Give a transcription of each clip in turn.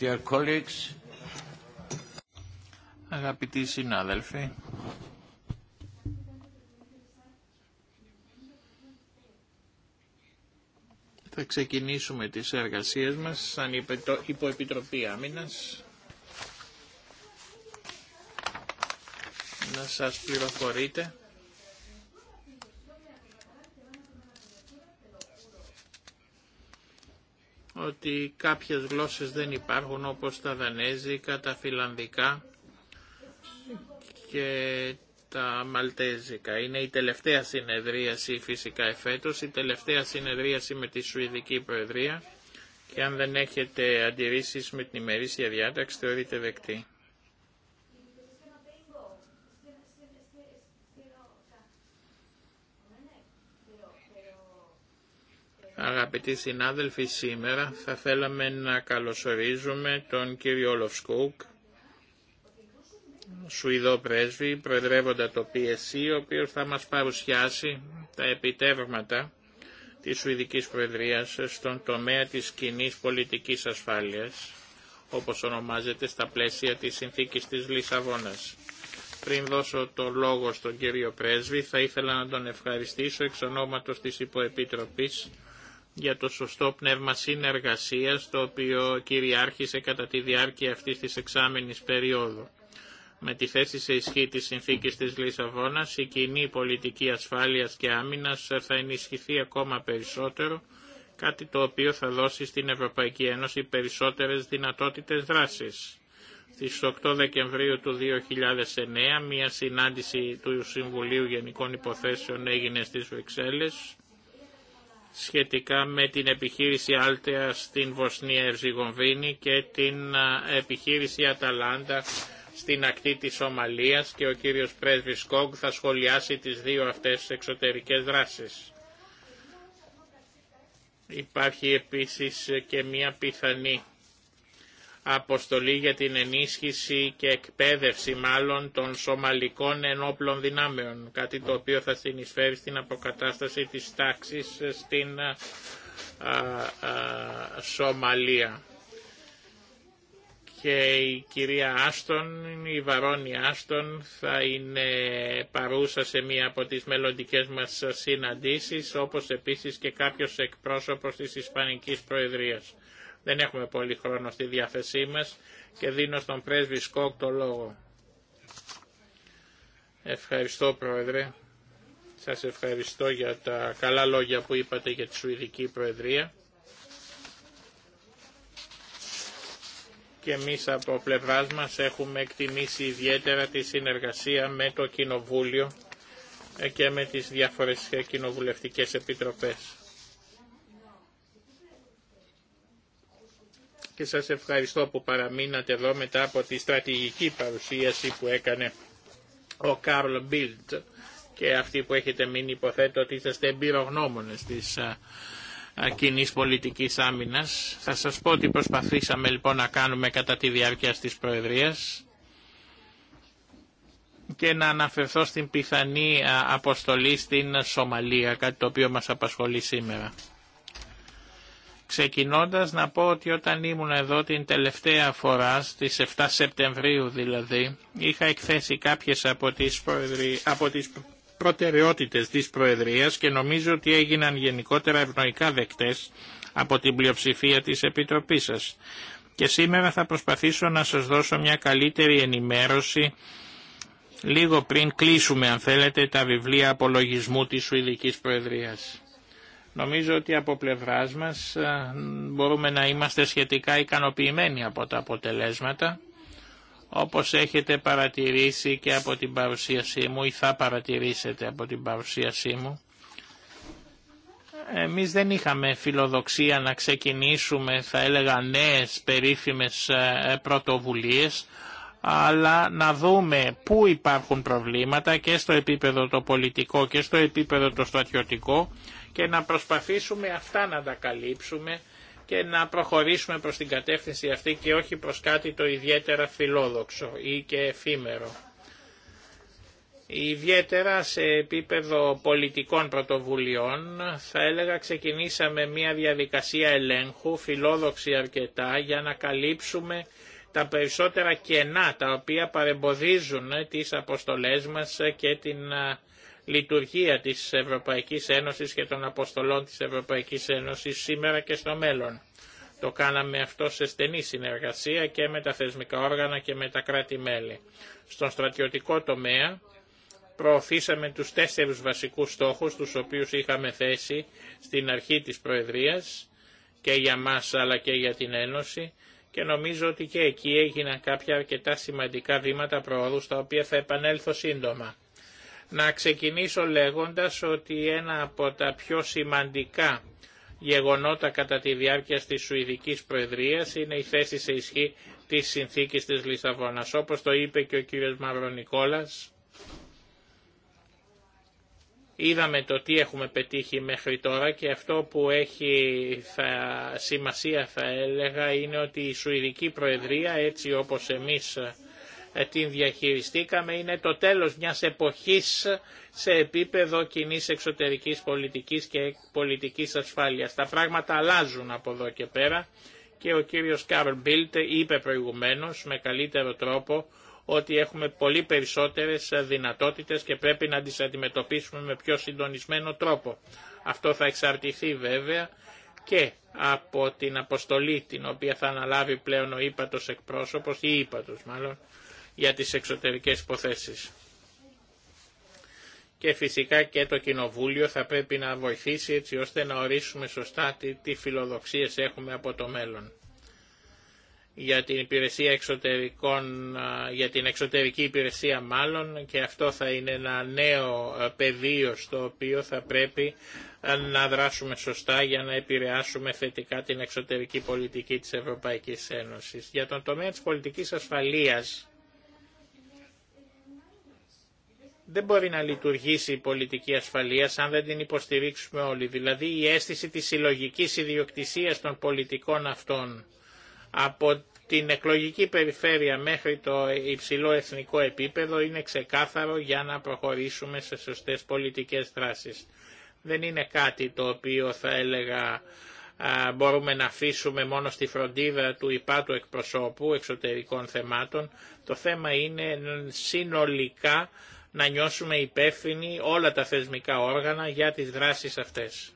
Dear colleagues. Αγαπητοί συνάδελφοι, θα ξεκινήσουμε τις εργασίες μας σαν υποεπιτροπή άμυνας. Να σας πληροφορείτε ότι κάποιες γλώσσες δεν υπάρχουν όπως τα δανέζικα, τα φιλανδικά και τα μαλτέζικα. Είναι η τελευταία συνεδρίαση φυσικά εφέτος, η τελευταία συνεδρίαση με τη Σουηδική Προεδρία και αν δεν έχετε αντιρρήσεις με την ημερήσια διάταξη θεωρείτε δεκτή. Αγαπητοί συνάδελφοι, σήμερα θα θέλαμε να καλωσορίζουμε τον κύριο Λοφσκούκ, Σουηδό πρέσβη, προεδρεύοντα το PSC, ο οποίος θα μας παρουσιάσει τα επιτεύγματα της Σουηδικής Προεδρίας στον τομέα της κοινή πολιτικής ασφάλειας, όπως ονομάζεται στα πλαίσια της συνθήκης της Λισαβόνας. Πριν δώσω το λόγο στον κύριο Πρέσβη, θα ήθελα να τον ευχαριστήσω εξ ονόματος της Υποεπίτροπης για το σωστό πνεύμα συνεργασίας το οποίο κυριάρχησε κατά τη διάρκεια αυτής της εξάμενης περίοδου. Με τη θέση σε ισχύ της συνθήκης της Λισαβόνας, η κοινή πολιτική ασφάλειας και άμυνας θα ενισχυθεί ακόμα περισσότερο, κάτι το οποίο θα δώσει στην Ευρωπαϊκή Ένωση περισσότερες δυνατότητες δράσης. Στις 8 Δεκεμβρίου του 2009, μια συνάντηση του Συμβουλίου Γενικών Υποθέσεων έγινε στις Βρυξέλλες, σχετικά με την επιχείρηση Άλτεα στην Βοσνία ερζιγομβίνη και την επιχείρηση Αταλάντα στην ακτή της Ομαλίας και ο κύριος πρέσβης Κόγκ θα σχολιάσει τις δύο αυτές εξωτερικές δράσεις. Υπάρχει επίσης και μια πιθανή αποστολή για την ενίσχυση και εκπαίδευση μάλλον των σομαλικών ενόπλων δυνάμεων, κάτι το οποίο θα συνεισφέρει στην αποκατάσταση της τάξης στην Σομαλία. Και η κυρία Άστον, η Βαρόνη Άστον θα είναι παρούσα σε μία από τις μελλοντικές μας συναντήσεις, όπως επίσης και κάποιος εκπρόσωπος της Ισπανικής Προεδρίας. Δεν έχουμε πολύ χρόνο στη διάθεσή μας και δίνω στον πρέσβη Σκόκ το λόγο. Ευχαριστώ Πρόεδρε. Σας ευχαριστώ για τα καλά λόγια που είπατε για τη Σουηδική Προεδρία. και εμείς από πλευράς μας έχουμε εκτιμήσει ιδιαίτερα τη συνεργασία με το Κοινοβούλιο και με τις διάφορες κοινοβουλευτικές επιτροπές. και σας ευχαριστώ που παραμείνατε εδώ μετά από τη στρατηγική παρουσίαση που έκανε ο Κάρλ Μπίλτ και αυτοί που έχετε μείνει υποθέτω ότι είστε εμπειρογνώμονες της κοινή πολιτικής άμυνας. Θα σας πω ότι προσπαθήσαμε λοιπόν να κάνουμε κατά τη διάρκεια της Προεδρίας και να αναφερθώ στην πιθανή αποστολή στην Σομαλία, κάτι το οποίο μας απασχολεί σήμερα. Ξεκινώντας να πω ότι όταν ήμουν εδώ την τελευταία φορά, στις 7 Σεπτεμβρίου δηλαδή, είχα εκθέσει κάποιες από τις, προεδρι... από τις προτεραιότητες της Προεδρίας και νομίζω ότι έγιναν γενικότερα ευνοϊκά δεκτές από την πλειοψηφία της Επιτροπής σας. Και σήμερα θα προσπαθήσω να σας δώσω μια καλύτερη ενημέρωση λίγο πριν κλείσουμε αν θέλετε τα βιβλία απολογισμού της Σουηδικής Προεδρίας. Νομίζω ότι από πλευράς μας ε, μπορούμε να είμαστε σχετικά ικανοποιημένοι από τα αποτελέσματα. Όπως έχετε παρατηρήσει και από την παρουσίασή μου ή θα παρατηρήσετε από την παρουσίασή μου, εμείς δεν είχαμε φιλοδοξία να ξεκινήσουμε, θα έλεγα, νέες περίφημες ε, πρωτοβουλίες, αλλά να δούμε πού υπάρχουν προβλήματα και στο επίπεδο το πολιτικό και στο επίπεδο το στρατιωτικό και να προσπαθήσουμε αυτά να τα καλύψουμε και να προχωρήσουμε προς την κατεύθυνση αυτή και όχι προς κάτι το ιδιαίτερα φιλόδοξο ή και εφήμερο. Ιδιαίτερα σε επίπεδο πολιτικών πρωτοβουλειών θα έλεγα ξεκινήσαμε μια διαδικασία ελέγχου φιλόδοξη αρκετά για να καλύψουμε τα περισσότερα κενά τα οποία παρεμποδίζουν τις αποστολές μας και την λειτουργία της Ευρωπαϊκής Ένωσης και των αποστολών της Ευρωπαϊκής Ένωσης σήμερα και στο μέλλον. Το κάναμε αυτό σε στενή συνεργασία και με τα θεσμικά όργανα και με τα κράτη-μέλη. Στον στρατιωτικό τομέα προωθήσαμε τους τέσσερους βασικούς στόχους τους οποίους είχαμε θέσει στην αρχή της Προεδρίας και για μας αλλά και για την Ένωση και νομίζω ότι και εκεί έγιναν κάποια αρκετά σημαντικά βήματα προόδου στα οποία θα επανέλθω σύντομα. Να ξεκινήσω λέγοντας ότι ένα από τα πιο σημαντικά γεγονότα κατά τη διάρκεια της Σουηδικής Προεδρίας είναι η θέση σε ισχύ της συνθήκης της Λισαβόνας. Όπως το είπε και ο κύριος Μαυρονικόλας, είδαμε το τι έχουμε πετύχει μέχρι τώρα και αυτό που έχει σημασία θα έλεγα είναι ότι η Σουηδική Προεδρία έτσι όπως εμείς ε, την διαχειριστήκαμε είναι το τέλος μιας εποχής σε επίπεδο κοινής εξωτερικής πολιτικής και πολιτικής ασφάλειας. Τα πράγματα αλλάζουν από εδώ και πέρα και ο κύριος Κάρλ Μπίλτ είπε προηγουμένως με καλύτερο τρόπο ότι έχουμε πολύ περισσότερες δυνατότητες και πρέπει να τις αντιμετωπίσουμε με πιο συντονισμένο τρόπο. Αυτό θα εξαρτηθεί βέβαια και από την αποστολή την οποία θα αναλάβει πλέον ο ύπατος εκπρόσωπος ή ύπατος μάλλον για τις εξωτερικές υποθέσεις. Και φυσικά και το Κοινοβούλιο θα πρέπει να βοηθήσει έτσι ώστε να ορίσουμε σωστά τι, τι φιλοδοξίες έχουμε από το μέλλον. Για την, υπηρεσία εξωτερικών, για την εξωτερική υπηρεσία μάλλον και αυτό θα είναι ένα νέο πεδίο στο οποίο θα πρέπει να δράσουμε σωστά για να επηρεάσουμε θετικά την εξωτερική πολιτική της Ευρωπαϊκής Ένωσης. Για τον τομέα της πολιτικής ασφαλείας δεν μπορεί να λειτουργήσει η πολιτική ασφαλεία αν δεν την υποστηρίξουμε όλοι. Δηλαδή η αίσθηση της συλλογική ιδιοκτησίας των πολιτικών αυτών από την εκλογική περιφέρεια μέχρι το υψηλό εθνικό επίπεδο είναι ξεκάθαρο για να προχωρήσουμε σε σωστές πολιτικές δράσεις. Δεν είναι κάτι το οποίο θα έλεγα μπορούμε να αφήσουμε μόνο στη φροντίδα του υπάτου εκπροσώπου εξωτερικών θεμάτων. Το θέμα είναι συνολικά να νιώσουμε υπεύθυνοι όλα τα θεσμικά όργανα για τις δράσεις αυτές.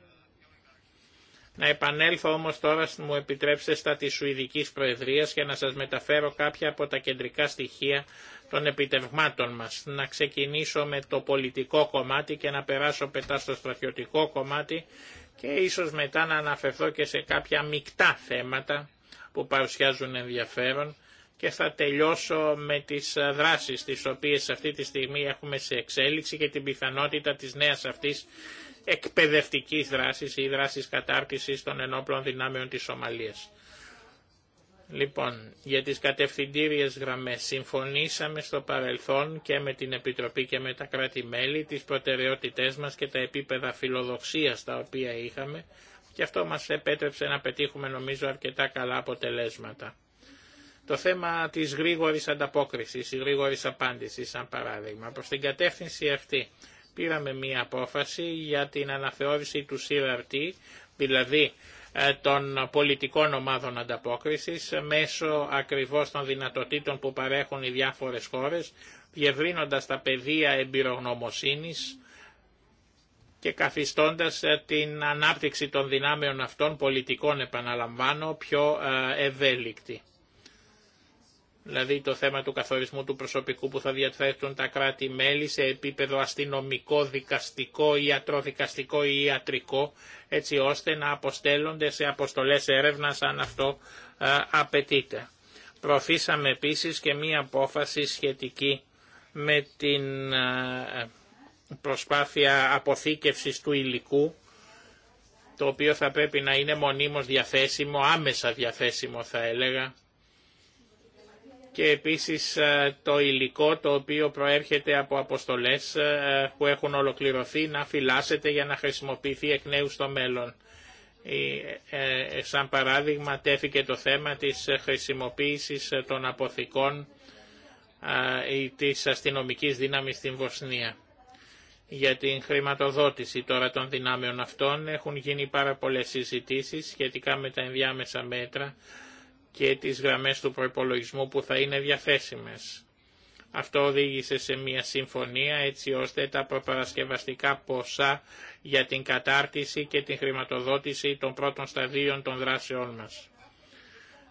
Να επανέλθω όμως τώρα, μου επιτρέψτε, στα της Σουηδικής Προεδρίας για να σας μεταφέρω κάποια από τα κεντρικά στοιχεία των επιτευγμάτων μας. Να ξεκινήσω με το πολιτικό κομμάτι και να περάσω πετά στο στρατιωτικό κομμάτι και ίσως μετά να αναφερθώ και σε κάποια μεικτά θέματα που παρουσιάζουν ενδιαφέρον και θα τελειώσω με τις ε, δράσεις τις οποίες αυτή τη στιγμή έχουμε σε εξέλιξη και την πιθανότητα της νέας αυτής εκπαιδευτικής δράσης ή δράσης κατάρτισης των ενόπλων δυνάμεων της Σομαλίας. Λοιπόν, για τις κατευθυντήριες γραμμές συμφωνήσαμε στο παρελθόν και με την Επιτροπή και με τα κράτη-μέλη τις προτεραιότητές μας και τα επίπεδα φιλοδοξίας τα οποία είχαμε και αυτό μας επέτρεψε να πετύχουμε νομίζω αρκετά καλά αποτελέσματα. Το θέμα της γρήγορης ανταπόκρισης, η γρήγορης απάντησης σαν παράδειγμα. Προς την κατεύθυνση αυτή πήραμε μία απόφαση για την αναθεώρηση του CRT, δηλαδή ε, των πολιτικών ομάδων ανταπόκρισης μέσω ακριβώς των δυνατοτήτων που παρέχουν οι διάφορες χώρες, διευρύνοντας τα πεδία εμπειρογνωμοσύνης και καθιστώντας ε, την ανάπτυξη των δυνάμεων αυτών πολιτικών, επαναλαμβάνω, πιο ε, ευέλικτη δηλαδή το θέμα του καθορισμού του προσωπικού που θα διαθέτουν τα κράτη-μέλη σε επίπεδο αστυνομικό, δικαστικό, ιατροδικαστικό ή ιατρικό, έτσι ώστε να αποστέλλονται σε αποστολές έρευνας αν αυτό απαιτείται. Προωθήσαμε επίσης και μία απόφαση σχετική με την προσπάθεια αποθήκευσης του υλικού, το οποίο θα πρέπει να είναι μονίμως διαθέσιμο, άμεσα διαθέσιμο θα έλεγα, και επίσης ε, το υλικό το οποίο προέρχεται από αποστολές ε, που έχουν ολοκληρωθεί να φυλάσσεται για να χρησιμοποιηθεί εκ νέου στο μέλλον. Ε, σαν παράδειγμα τέθηκε το θέμα της χρησιμοποίησης των αποθηκών της αστυνομικής δύναμης στην Βοσνία. Για την χρηματοδότηση τώρα των δυνάμεων αυτών έχουν γίνει πάρα πολλές συζητήσεις σχετικά με τα ενδιάμεσα μέτρα και τις γραμμές του προϋπολογισμού που θα είναι διαθέσιμες. Αυτό οδήγησε σε μια συμφωνία έτσι ώστε τα προπαρασκευαστικά ποσά για την κατάρτιση και την χρηματοδότηση των πρώτων σταδίων των δράσεών μας.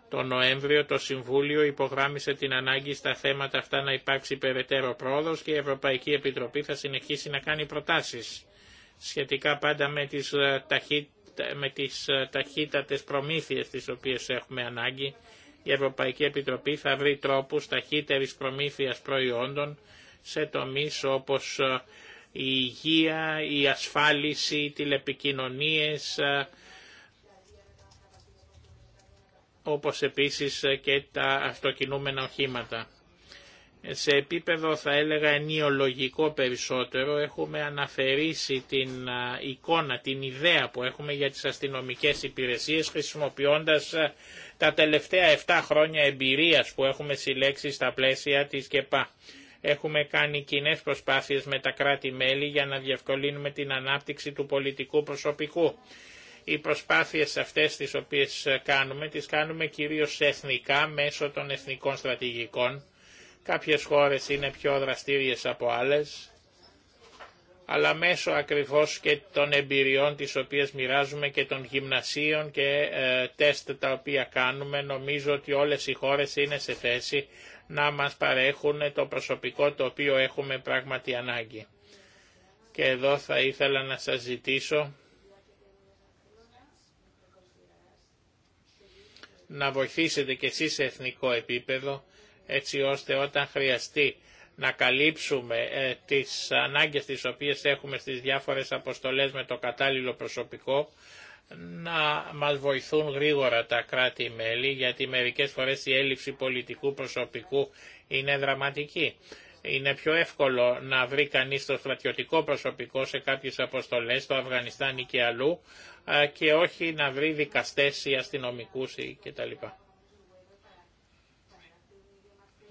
Το Νοέμβριο το Συμβούλιο υπογράμμισε την ανάγκη στα θέματα αυτά να υπάρξει περαιτέρω πρόοδος και η Ευρωπαϊκή Επιτροπή θα συνεχίσει να κάνει προτάσεις σχετικά πάντα με τις, ε, με τις ε, ταχύτατες προμήθειες τις οποίες έχουμε ανάγκη, η Ευρωπαϊκή Επιτροπή θα βρει τρόπους ταχύτερης προμήθειας προϊόντων σε τομείς όπως ε, η υγεία, η ασφάλιση, οι τηλεπικοινωνίες, ε, όπως επίσης και τα αυτοκινούμενα οχήματα σε επίπεδο θα έλεγα ενιολογικό περισσότερο έχουμε αναφερήσει την εικόνα, την ιδέα που έχουμε για τις αστυνομικές υπηρεσίες χρησιμοποιώντας τα τελευταία 7 χρόνια εμπειρίας που έχουμε συλλέξει στα πλαίσια της ΚΕΠΑ. Έχουμε κάνει κοινέ προσπάθειες με τα κράτη-μέλη για να διευκολύνουμε την ανάπτυξη του πολιτικού προσωπικού. Οι προσπάθειες αυτές τις οποίες κάνουμε, τις κάνουμε κυρίως εθνικά μέσω των εθνικών στρατηγικών Κάποιες χώρες είναι πιο δραστήριες από άλλες, αλλά μέσω ακριβώς και των εμπειριών τις οποίες μοιράζουμε και των γυμνασίων και ε, τεστ τα οποία κάνουμε, νομίζω ότι όλες οι χώρες είναι σε θέση να μας παρέχουν το προσωπικό το οποίο έχουμε πράγματι ανάγκη. Και εδώ θα ήθελα να σας ζητήσω να βοηθήσετε και εσείς σε εθνικό επίπεδο έτσι ώστε όταν χρειαστεί να καλύψουμε ε, τις ανάγκες τις οποίες έχουμε στις διάφορες αποστολές με το κατάλληλο προσωπικό, να μας βοηθούν γρήγορα τα κράτη-μέλη, γιατί μερικές φορές η έλλειψη πολιτικού προσωπικού είναι δραματική. Είναι πιο εύκολο να βρει κανείς το στρατιωτικό προσωπικό σε κάποιες αποστολές, στο Αφγανιστάν ή και αλλού, ε, και όχι να βρει δικαστές ή αστυνομικούς κτλ.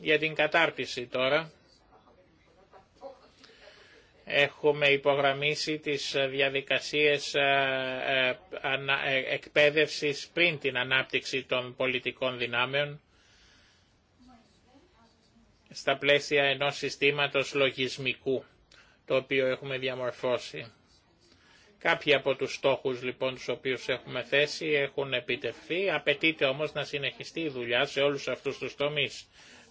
Για την κατάρτιση τώρα έχουμε υπογραμμίσει τις διαδικασίες ε, ε, ε, εκπαίδευσης πριν την ανάπτυξη των πολιτικών δυνάμεων στα πλαίσια ενός συστήματος λογισμικού το οποίο έχουμε διαμορφώσει. Κάποιοι από τους στόχους λοιπόν τους οποίους έχουμε θέσει έχουν επιτευχθεί, απαιτείται όμως να συνεχιστεί η δουλειά σε όλους αυτούς τους τομείς.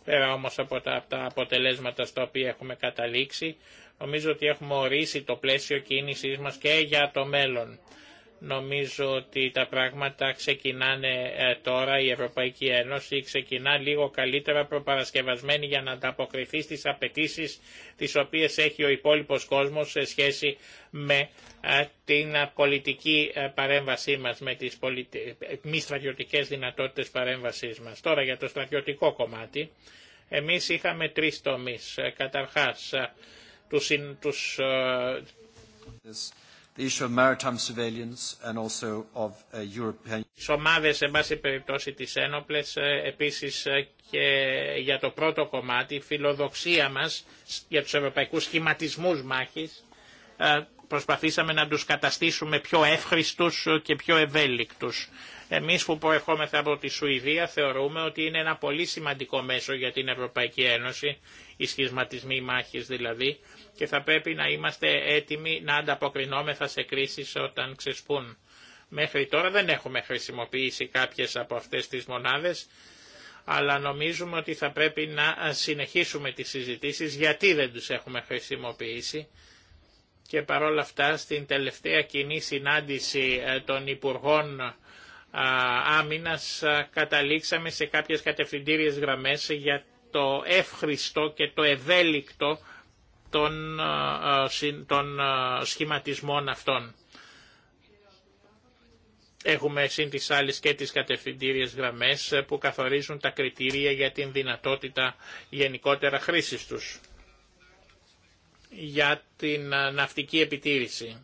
Πέρα όμως από τα, αποτελέσματα στα οποία έχουμε καταλήξει, νομίζω ότι έχουμε ορίσει το πλαίσιο κίνησής μας και για το μέλλον. Νομίζω ότι τα πράγματα ξεκινάνε ε, τώρα, η Ευρωπαϊκή Ένωση ξεκινά λίγο καλύτερα προπαρασκευασμένη για να ανταποκριθεί στις απαιτήσει τις οποίες έχει ο υπόλοιπος κόσμος σε σχέση με ε, την πολιτική ε, παρέμβασή μας, με τις πολιτι... μη στρατιωτικές δυνατότητες παρέμβασής μας. Τώρα για το στρατιωτικό κομμάτι, εμείς είχαμε τρεις τομείς. Καταρχάς, τους, τους, the issue of maritime surveillance uh, περιπτώσει, τις ένοπλες, ε, επίσης ε, και για το πρώτο κομμάτι, η φιλοδοξία μας για τους ευρωπαϊκούς σχηματισμούς μάχης, ε, προσπαθήσαμε να τους καταστήσουμε πιο εύχριστους και πιο ευέλικτους. Εμείς που προερχόμεθα από τη Σουηδία θεωρούμε ότι είναι ένα πολύ σημαντικό μέσο για την Ευρωπαϊκή Ένωση, οι σχηματισμοί μάχης δηλαδή, και θα πρέπει να είμαστε έτοιμοι να ανταποκρινόμεθα σε κρίσεις όταν ξεσπούν. Μέχρι τώρα δεν έχουμε χρησιμοποιήσει κάποιες από αυτές τις μονάδες, αλλά νομίζουμε ότι θα πρέπει να συνεχίσουμε τις συζητήσεις γιατί δεν τους έχουμε χρησιμοποιήσει. Και παρόλα αυτά στην τελευταία κοινή συνάντηση ε, των Υπουργών ε, Άμυνας ε, καταλήξαμε σε κάποιες κατευθυντήριες γραμμές για το εύχριστο και το ευέλικτο των, ε, ε, ε, σχηματισμών αυτών. Έχουμε σύν τις άλλες και τις κατευθυντήριες γραμμές που καθορίζουν τα κριτήρια για την δυνατότητα γενικότερα χρήσης τους. Για την ναυτική επιτήρηση.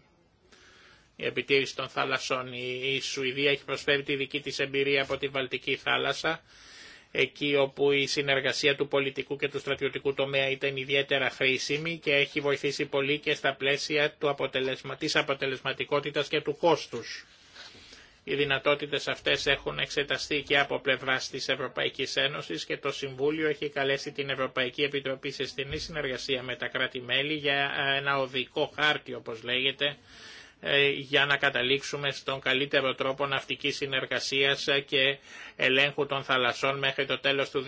Η επιτήρηση των θάλασσών. Η Σουηδία έχει προσφέρει τη δική της εμπειρία από τη Βαλτική θάλασσα εκεί όπου η συνεργασία του πολιτικού και του στρατιωτικού τομέα ήταν ιδιαίτερα χρήσιμη και έχει βοηθήσει πολύ και στα πλαίσια του αποτελεσμα... της αποτελεσματικότητας και του κόστους. Οι δυνατότητες αυτές έχουν εξεταστεί και από πλευράς της Ευρωπαϊκής Ένωσης και το Συμβούλιο έχει καλέσει την Ευρωπαϊκή Επιτροπή σε στενή συνεργασία με τα κράτη-μέλη για ε, ένα οδικό χάρτη, όπως λέγεται, ε, για να καταλήξουμε στον καλύτερο τρόπο ναυτικής συνεργασίας ε, και ελέγχου των θαλασσών μέχρι το τέλος του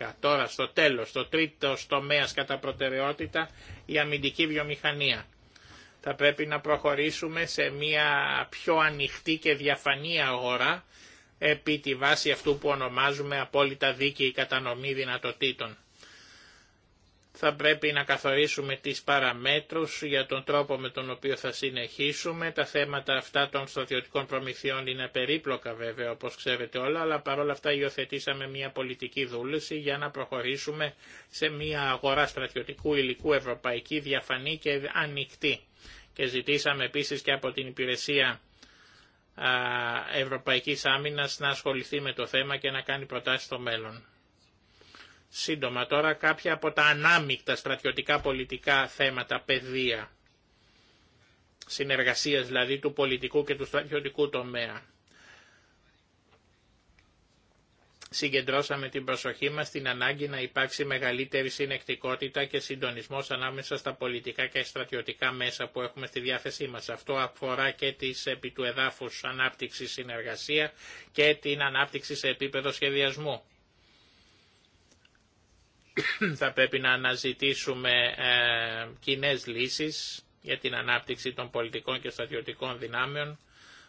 2010. Τώρα στο τέλος, το τρίτο τομέα κατά προτεραιότητα, η αμυντική βιομηχανία. Θα πρέπει να προχωρήσουμε σε μια πιο ανοιχτή και διαφανή αγορά επί τη βάση αυτού που ονομάζουμε απόλυτα δίκαιη κατανομή δυνατοτήτων θα πρέπει να καθορίσουμε τις παραμέτρους για τον τρόπο με τον οποίο θα συνεχίσουμε. Τα θέματα αυτά των στρατιωτικών προμηθειών είναι περίπλοκα βέβαια όπως ξέρετε όλα, αλλά παρόλα αυτά υιοθετήσαμε μια πολιτική δούληση για να προχωρήσουμε σε μια αγορά στρατιωτικού υλικού ευρωπαϊκή διαφανή και ανοιχτή. Και ζητήσαμε επίσης και από την υπηρεσία Ευρωπαϊκής Άμυνας να ασχοληθεί με το θέμα και να κάνει προτάσεις στο μέλλον. Σύντομα τώρα κάποια από τα ανάμεικτα στρατιωτικά πολιτικά θέματα, παιδεία, συνεργασίας δηλαδή του πολιτικού και του στρατιωτικού τομέα. Συγκεντρώσαμε την προσοχή μας στην ανάγκη να υπάρξει μεγαλύτερη συνεκτικότητα και συντονισμός ανάμεσα στα πολιτικά και στρατιωτικά μέσα που έχουμε στη διάθεσή μας. Αυτό αφορά και τις επί του εδάφους ανάπτυξη συνεργασία και την ανάπτυξη σε επίπεδο σχεδιασμού θα πρέπει να αναζητήσουμε ε, κοινέ λύσεις για την ανάπτυξη των πολιτικών και στρατιωτικών δυνάμεων.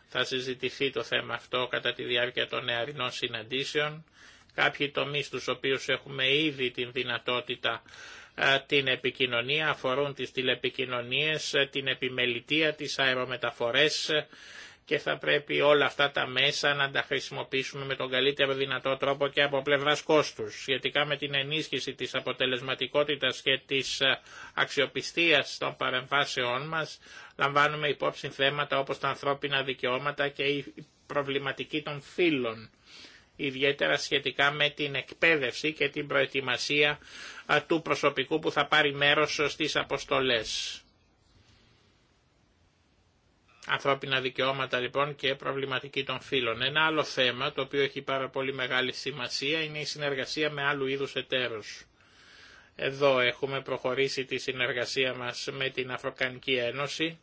Θα συζητηθεί το θέμα αυτό κατά τη διάρκεια των νεαρινών συναντήσεων. Κάποιοι τομείς τους οποίους έχουμε ήδη την δυνατότητα ε, την επικοινωνία, αφορούν τις τηλεπικοινωνίες, ε, την επιμελητία, τις αερομεταφορές, και θα πρέπει όλα αυτά τα μέσα να τα χρησιμοποιήσουμε με τον καλύτερο δυνατό τρόπο και από πλευράς κόστους. Σχετικά με την ενίσχυση της αποτελεσματικότητας και της ε, αξιοπιστίας των παρεμβάσεών μας, λαμβάνουμε υπόψη θέματα όπως τα ανθρώπινα δικαιώματα και η προβληματική των φύλων ιδιαίτερα σχετικά με την εκπαίδευση και την προετοιμασία του προσωπικού που θα πάρει μέρος στις αποστολές. Ανθρώπινα δικαιώματα λοιπόν και προβληματική των φύλων. Ένα άλλο θέμα το οποίο έχει πάρα πολύ μεγάλη σημασία είναι η συνεργασία με άλλου είδους εταίρους. Εδώ έχουμε προχωρήσει τη συνεργασία μας με την Αφροκανική Ένωση.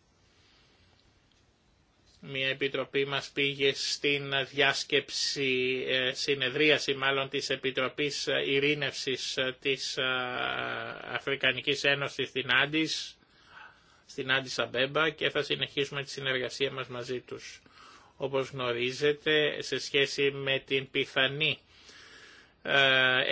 Μια επιτροπή μας πήγε στην διάσκεψη, ε, συνεδρίαση μάλλον της Επιτροπής Ειρήνευσης ε, της ε, Αφρικανικής Ένωσης στην Άντις στην Άντισα Μπέμπα και θα συνεχίσουμε τη συνεργασία μας μαζί τους. Όπως γνωρίζετε, σε σχέση με την πιθανή ε,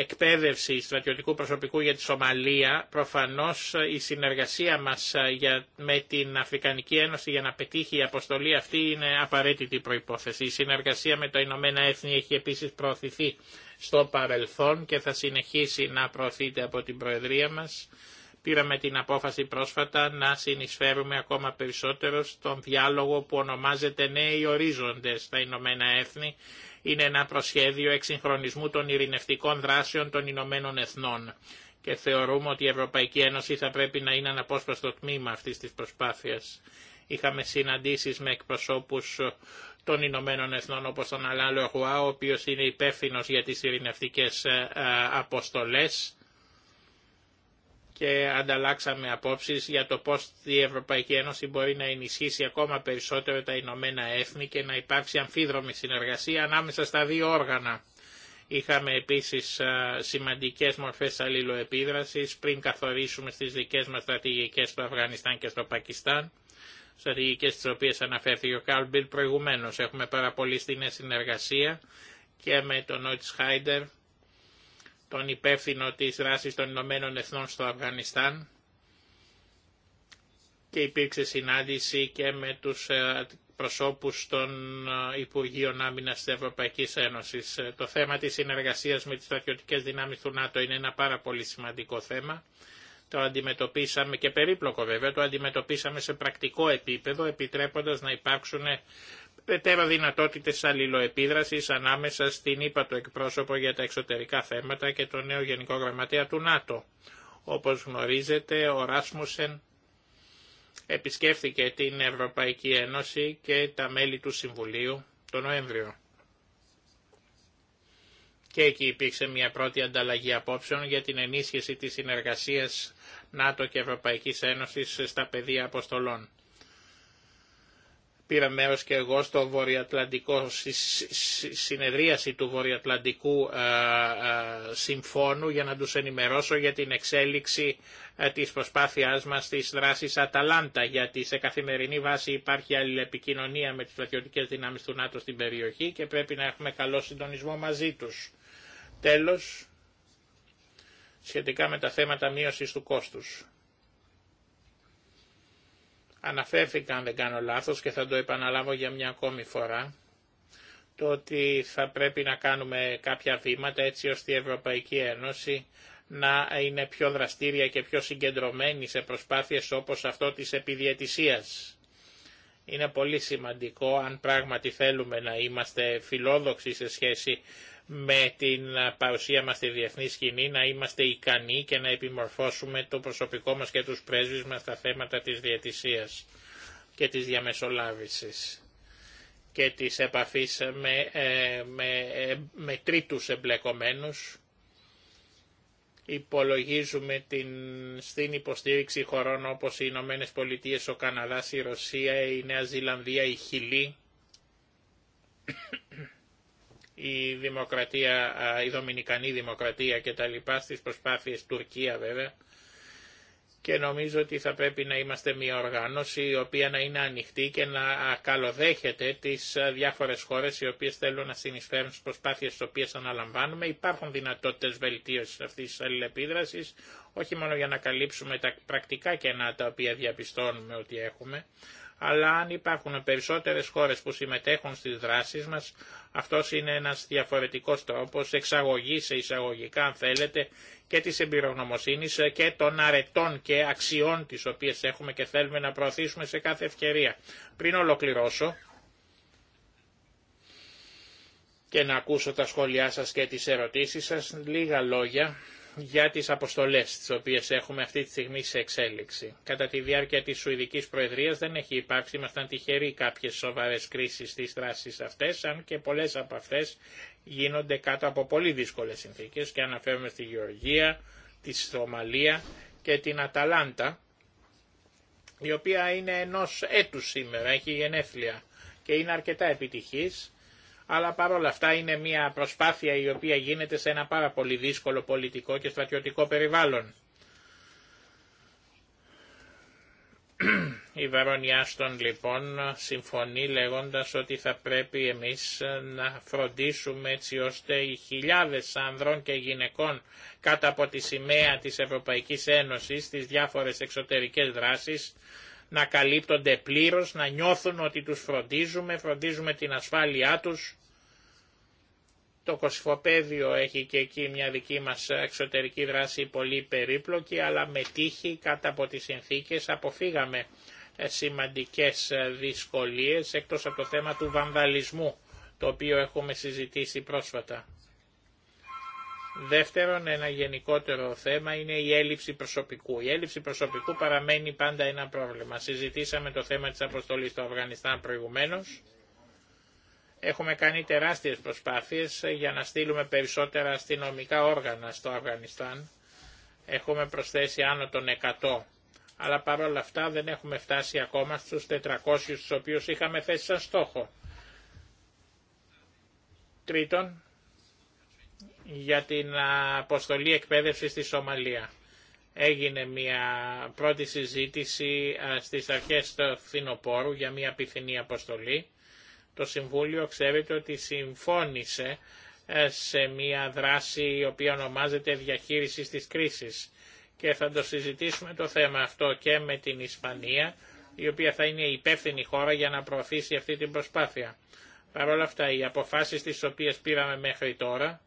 εκπαίδευση στρατιωτικού προσωπικού για τη Σομαλία, προφανώς η συνεργασία μας ε, για, με την Αφρικανική Ένωση για να πετύχει η αποστολή αυτή είναι απαραίτητη προϋπόθεση. Η συνεργασία με τα Ηνωμένα Έθνη έχει επίσης προωθηθεί στο παρελθόν και θα συνεχίσει να προωθείται από την Προεδρία μας Πήραμε την απόφαση πρόσφατα να συνεισφέρουμε ακόμα περισσότερο στον διάλογο που ονομάζεται Νέοι Ορίζοντες στα Ηνωμένα Έθνη. Είναι ένα προσχέδιο εξυγχρονισμού των ειρηνευτικών δράσεων των Ηνωμένων Εθνών και θεωρούμε ότι η Ευρωπαϊκή Ένωση θα πρέπει να είναι αναπόσπαστο τμήμα αυτής της προσπάθειας. Είχαμε συναντήσεις με εκπροσώπους των Ηνωμένων Εθνών όπως τον Αλάλο Λεχουά, ο οποίος είναι υπεύθυνο για τις ειρηνευτικές ε, ε, αποστολέ και ανταλλάξαμε απόψεις για το πώς η Ευρωπαϊκή Ένωση μπορεί να ενισχύσει ακόμα περισσότερο τα Ηνωμένα Έθνη και να υπάρξει αμφίδρομη συνεργασία ανάμεσα στα δύο όργανα. Είχαμε επίσης σημαντικές μορφές αλληλοεπίδρασης πριν καθορίσουμε στις δικές μας στρατηγικές στο Αφγανιστάν και στο Πακιστάν, στρατηγικές τις οποίες αναφέρθηκε ο Καλμπιλ προηγουμένως. Έχουμε πάρα πολύ στενή συνεργασία και με τον Νότις Χάιντερ τον υπεύθυνο της δράσης των Ηνωμένων Εθνών στο Αφγανιστάν και υπήρξε συνάντηση και με τους ε, προσώπους των ε, Υπουργείων Άμυνας της Ευρωπαϊκής Ένωσης. Ε, το θέμα της συνεργασίας με τις στρατιωτικές δυνάμεις του ΝΑΤΟ είναι ένα πάρα πολύ σημαντικό θέμα. Το αντιμετωπίσαμε και περίπλοκο βέβαια, το αντιμετωπίσαμε σε πρακτικό επίπεδο επιτρέποντας να υπάρξουν περαιτέρω δυνατότητες αλληλοεπίδρασης ανάμεσα στην ΥΠΑ του εκπρόσωπο για τα εξωτερικά θέματα και το νέο Γενικό Γραμματέα του ΝΑΤΟ. Όπως γνωρίζετε, ο Ράσμουσεν επισκέφθηκε την Ευρωπαϊκή Ένωση και τα μέλη του Συμβουλίου τον Νοέμβριο. Και εκεί υπήρξε μια πρώτη ανταλλαγή απόψεων για την ενίσχυση της συνεργασίας ΝΑΤΟ και Ευρωπαϊκής Ένωσης στα πεδία αποστολών. Πήρα μέρος και εγώ στο βορειοατλαντικό, στη συνεδρίαση του Βορειοατλαντικού ε, ε, Συμφώνου για να τους ενημερώσω για την εξέλιξη ε, της προσπάθειάς μας στις δράσεις Αταλάντα, γιατί σε καθημερινή βάση υπάρχει αλληλεπικοινωνία με τις στρατιωτικές δυνάμεις του ΝΑΤΟ στην περιοχή και πρέπει να έχουμε καλό συντονισμό μαζί τους. Τέλος, σχετικά με τα θέματα μείωσης του κόστους. Αναφέρθηκα, αν δεν κάνω λάθος, και θα το επαναλάβω για μια ακόμη φορά, το ότι θα πρέπει να κάνουμε κάποια βήματα έτσι ώστε η Ευρωπαϊκή Ένωση να είναι πιο δραστήρια και πιο συγκεντρωμένη σε προσπάθειες όπως αυτό της επιδιαιτησίας. Είναι πολύ σημαντικό αν πράγματι θέλουμε να είμαστε φιλόδοξοι σε σχέση με την παρουσία μας στη διεθνή σκηνή να είμαστε ικανοί και να επιμορφώσουμε το προσωπικό μας και τους πρέσβεις μας στα θέματα της διαιτησίας και της διαμεσολάβησης και της επαφής με, ε, με, ε, με τρίτους εμπλεκομένους. Υπολογίζουμε την, στην υποστήριξη χωρών όπως οι Ηνωμένε Πολιτείες, ο Καναδάς, η Ρωσία, η Νέα Ζηλανδία, η Χιλή η δημοκρατία, η δομινικανή δημοκρατία και τα λοιπά στις προσπάθειες Τουρκία βέβαια και νομίζω ότι θα πρέπει να είμαστε μια οργάνωση η οποία να είναι ανοιχτή και να καλοδέχεται τις διάφορες χώρες οι οποίες θέλουν να συνεισφέρουν στις προσπάθειες τις οποίες αναλαμβάνουμε. Υπάρχουν δυνατότητες βελτίωσης αυτής της αλληλεπίδρασης, όχι μόνο για να καλύψουμε τα πρακτικά κενά τα οποία διαπιστώνουμε ότι έχουμε, αλλά αν υπάρχουν περισσότερες χώρες που συμμετέχουν στις δράσεις μας, αυτός είναι ένας διαφορετικός τρόπος εξαγωγή σε εισαγωγικά αν θέλετε και της εμπειρογνωμοσύνης και των αρετών και αξιών τις οποίες έχουμε και θέλουμε να προωθήσουμε σε κάθε ευκαιρία. Πριν ολοκληρώσω, και να ακούσω τα σχόλιά σας και τις ερωτήσεις σας, λίγα λόγια για τις αποστολές τις οποίες έχουμε αυτή τη στιγμή σε εξέλιξη. Κατά τη διάρκεια της Σουηδικής Προεδρίας δεν έχει υπάρξει, ήμασταν τυχεροί κάποιες σοβαρές κρίσεις στις δράσεις αυτές, αν και πολλές από αυτές γίνονται κάτω από πολύ δύσκολες συνθήκες και αναφέρουμε στη Γεωργία, τη Σομαλία και την Αταλάντα, η οποία είναι ενός έτους σήμερα, έχει γενέθλια και είναι αρκετά επιτυχής αλλά παρόλα αυτά είναι μια προσπάθεια η οποία γίνεται σε ένα πάρα πολύ δύσκολο πολιτικό και στρατιωτικό περιβάλλον. Η Βαρονιά λοιπόν συμφωνεί λέγοντας ότι θα πρέπει εμείς να φροντίσουμε έτσι ώστε οι χιλιάδες ανδρών και γυναικών κάτω από τη σημαία της Ευρωπαϊκής Ένωσης στις διάφορες εξωτερικές δράσεις να καλύπτονται πλήρως, να νιώθουν ότι τους φροντίζουμε, φροντίζουμε την ασφάλειά τους. Το κοσφοπέδιο έχει και εκεί μια δική μας εξωτερική δράση πολύ περίπλοκη, αλλά με τύχη κάτω από τις συνθήκες αποφύγαμε ε, σημαντικές ε, δυσκολίες, εκτός από το θέμα του βανδαλισμού, το οποίο έχουμε συζητήσει πρόσφατα. Δεύτερον, ένα γενικότερο θέμα είναι η έλλειψη προσωπικού. Η έλλειψη προσωπικού παραμένει πάντα ένα πρόβλημα. Συζητήσαμε το θέμα της αποστολής στο Αφγανιστάν προηγουμένως. Έχουμε κάνει τεράστιες προσπάθειες για να στείλουμε περισσότερα αστυνομικά όργανα στο Αφγανιστάν. Έχουμε προσθέσει άνω των 100. Αλλά παρόλα αυτά δεν έχουμε φτάσει ακόμα στους 400 του οποίους είχαμε θέσει σαν στόχο. Τρίτον, για την αποστολή εκπαίδευσης στη Σομαλία. Έγινε μια πρώτη συζήτηση στις αρχές του φθινοπόρου για μια πιθανή αποστολή. Το Συμβούλιο ξέρετε ότι συμφώνησε σε μια δράση η οποία ονομάζεται διαχείριση της κρίσης και θα το συζητήσουμε το θέμα αυτό και με την Ισπανία η οποία θα είναι η υπεύθυνη χώρα για να προωθήσει αυτή την προσπάθεια. Παρ' όλα αυτά οι αποφάσεις τις οποίες πήραμε μέχρι τώρα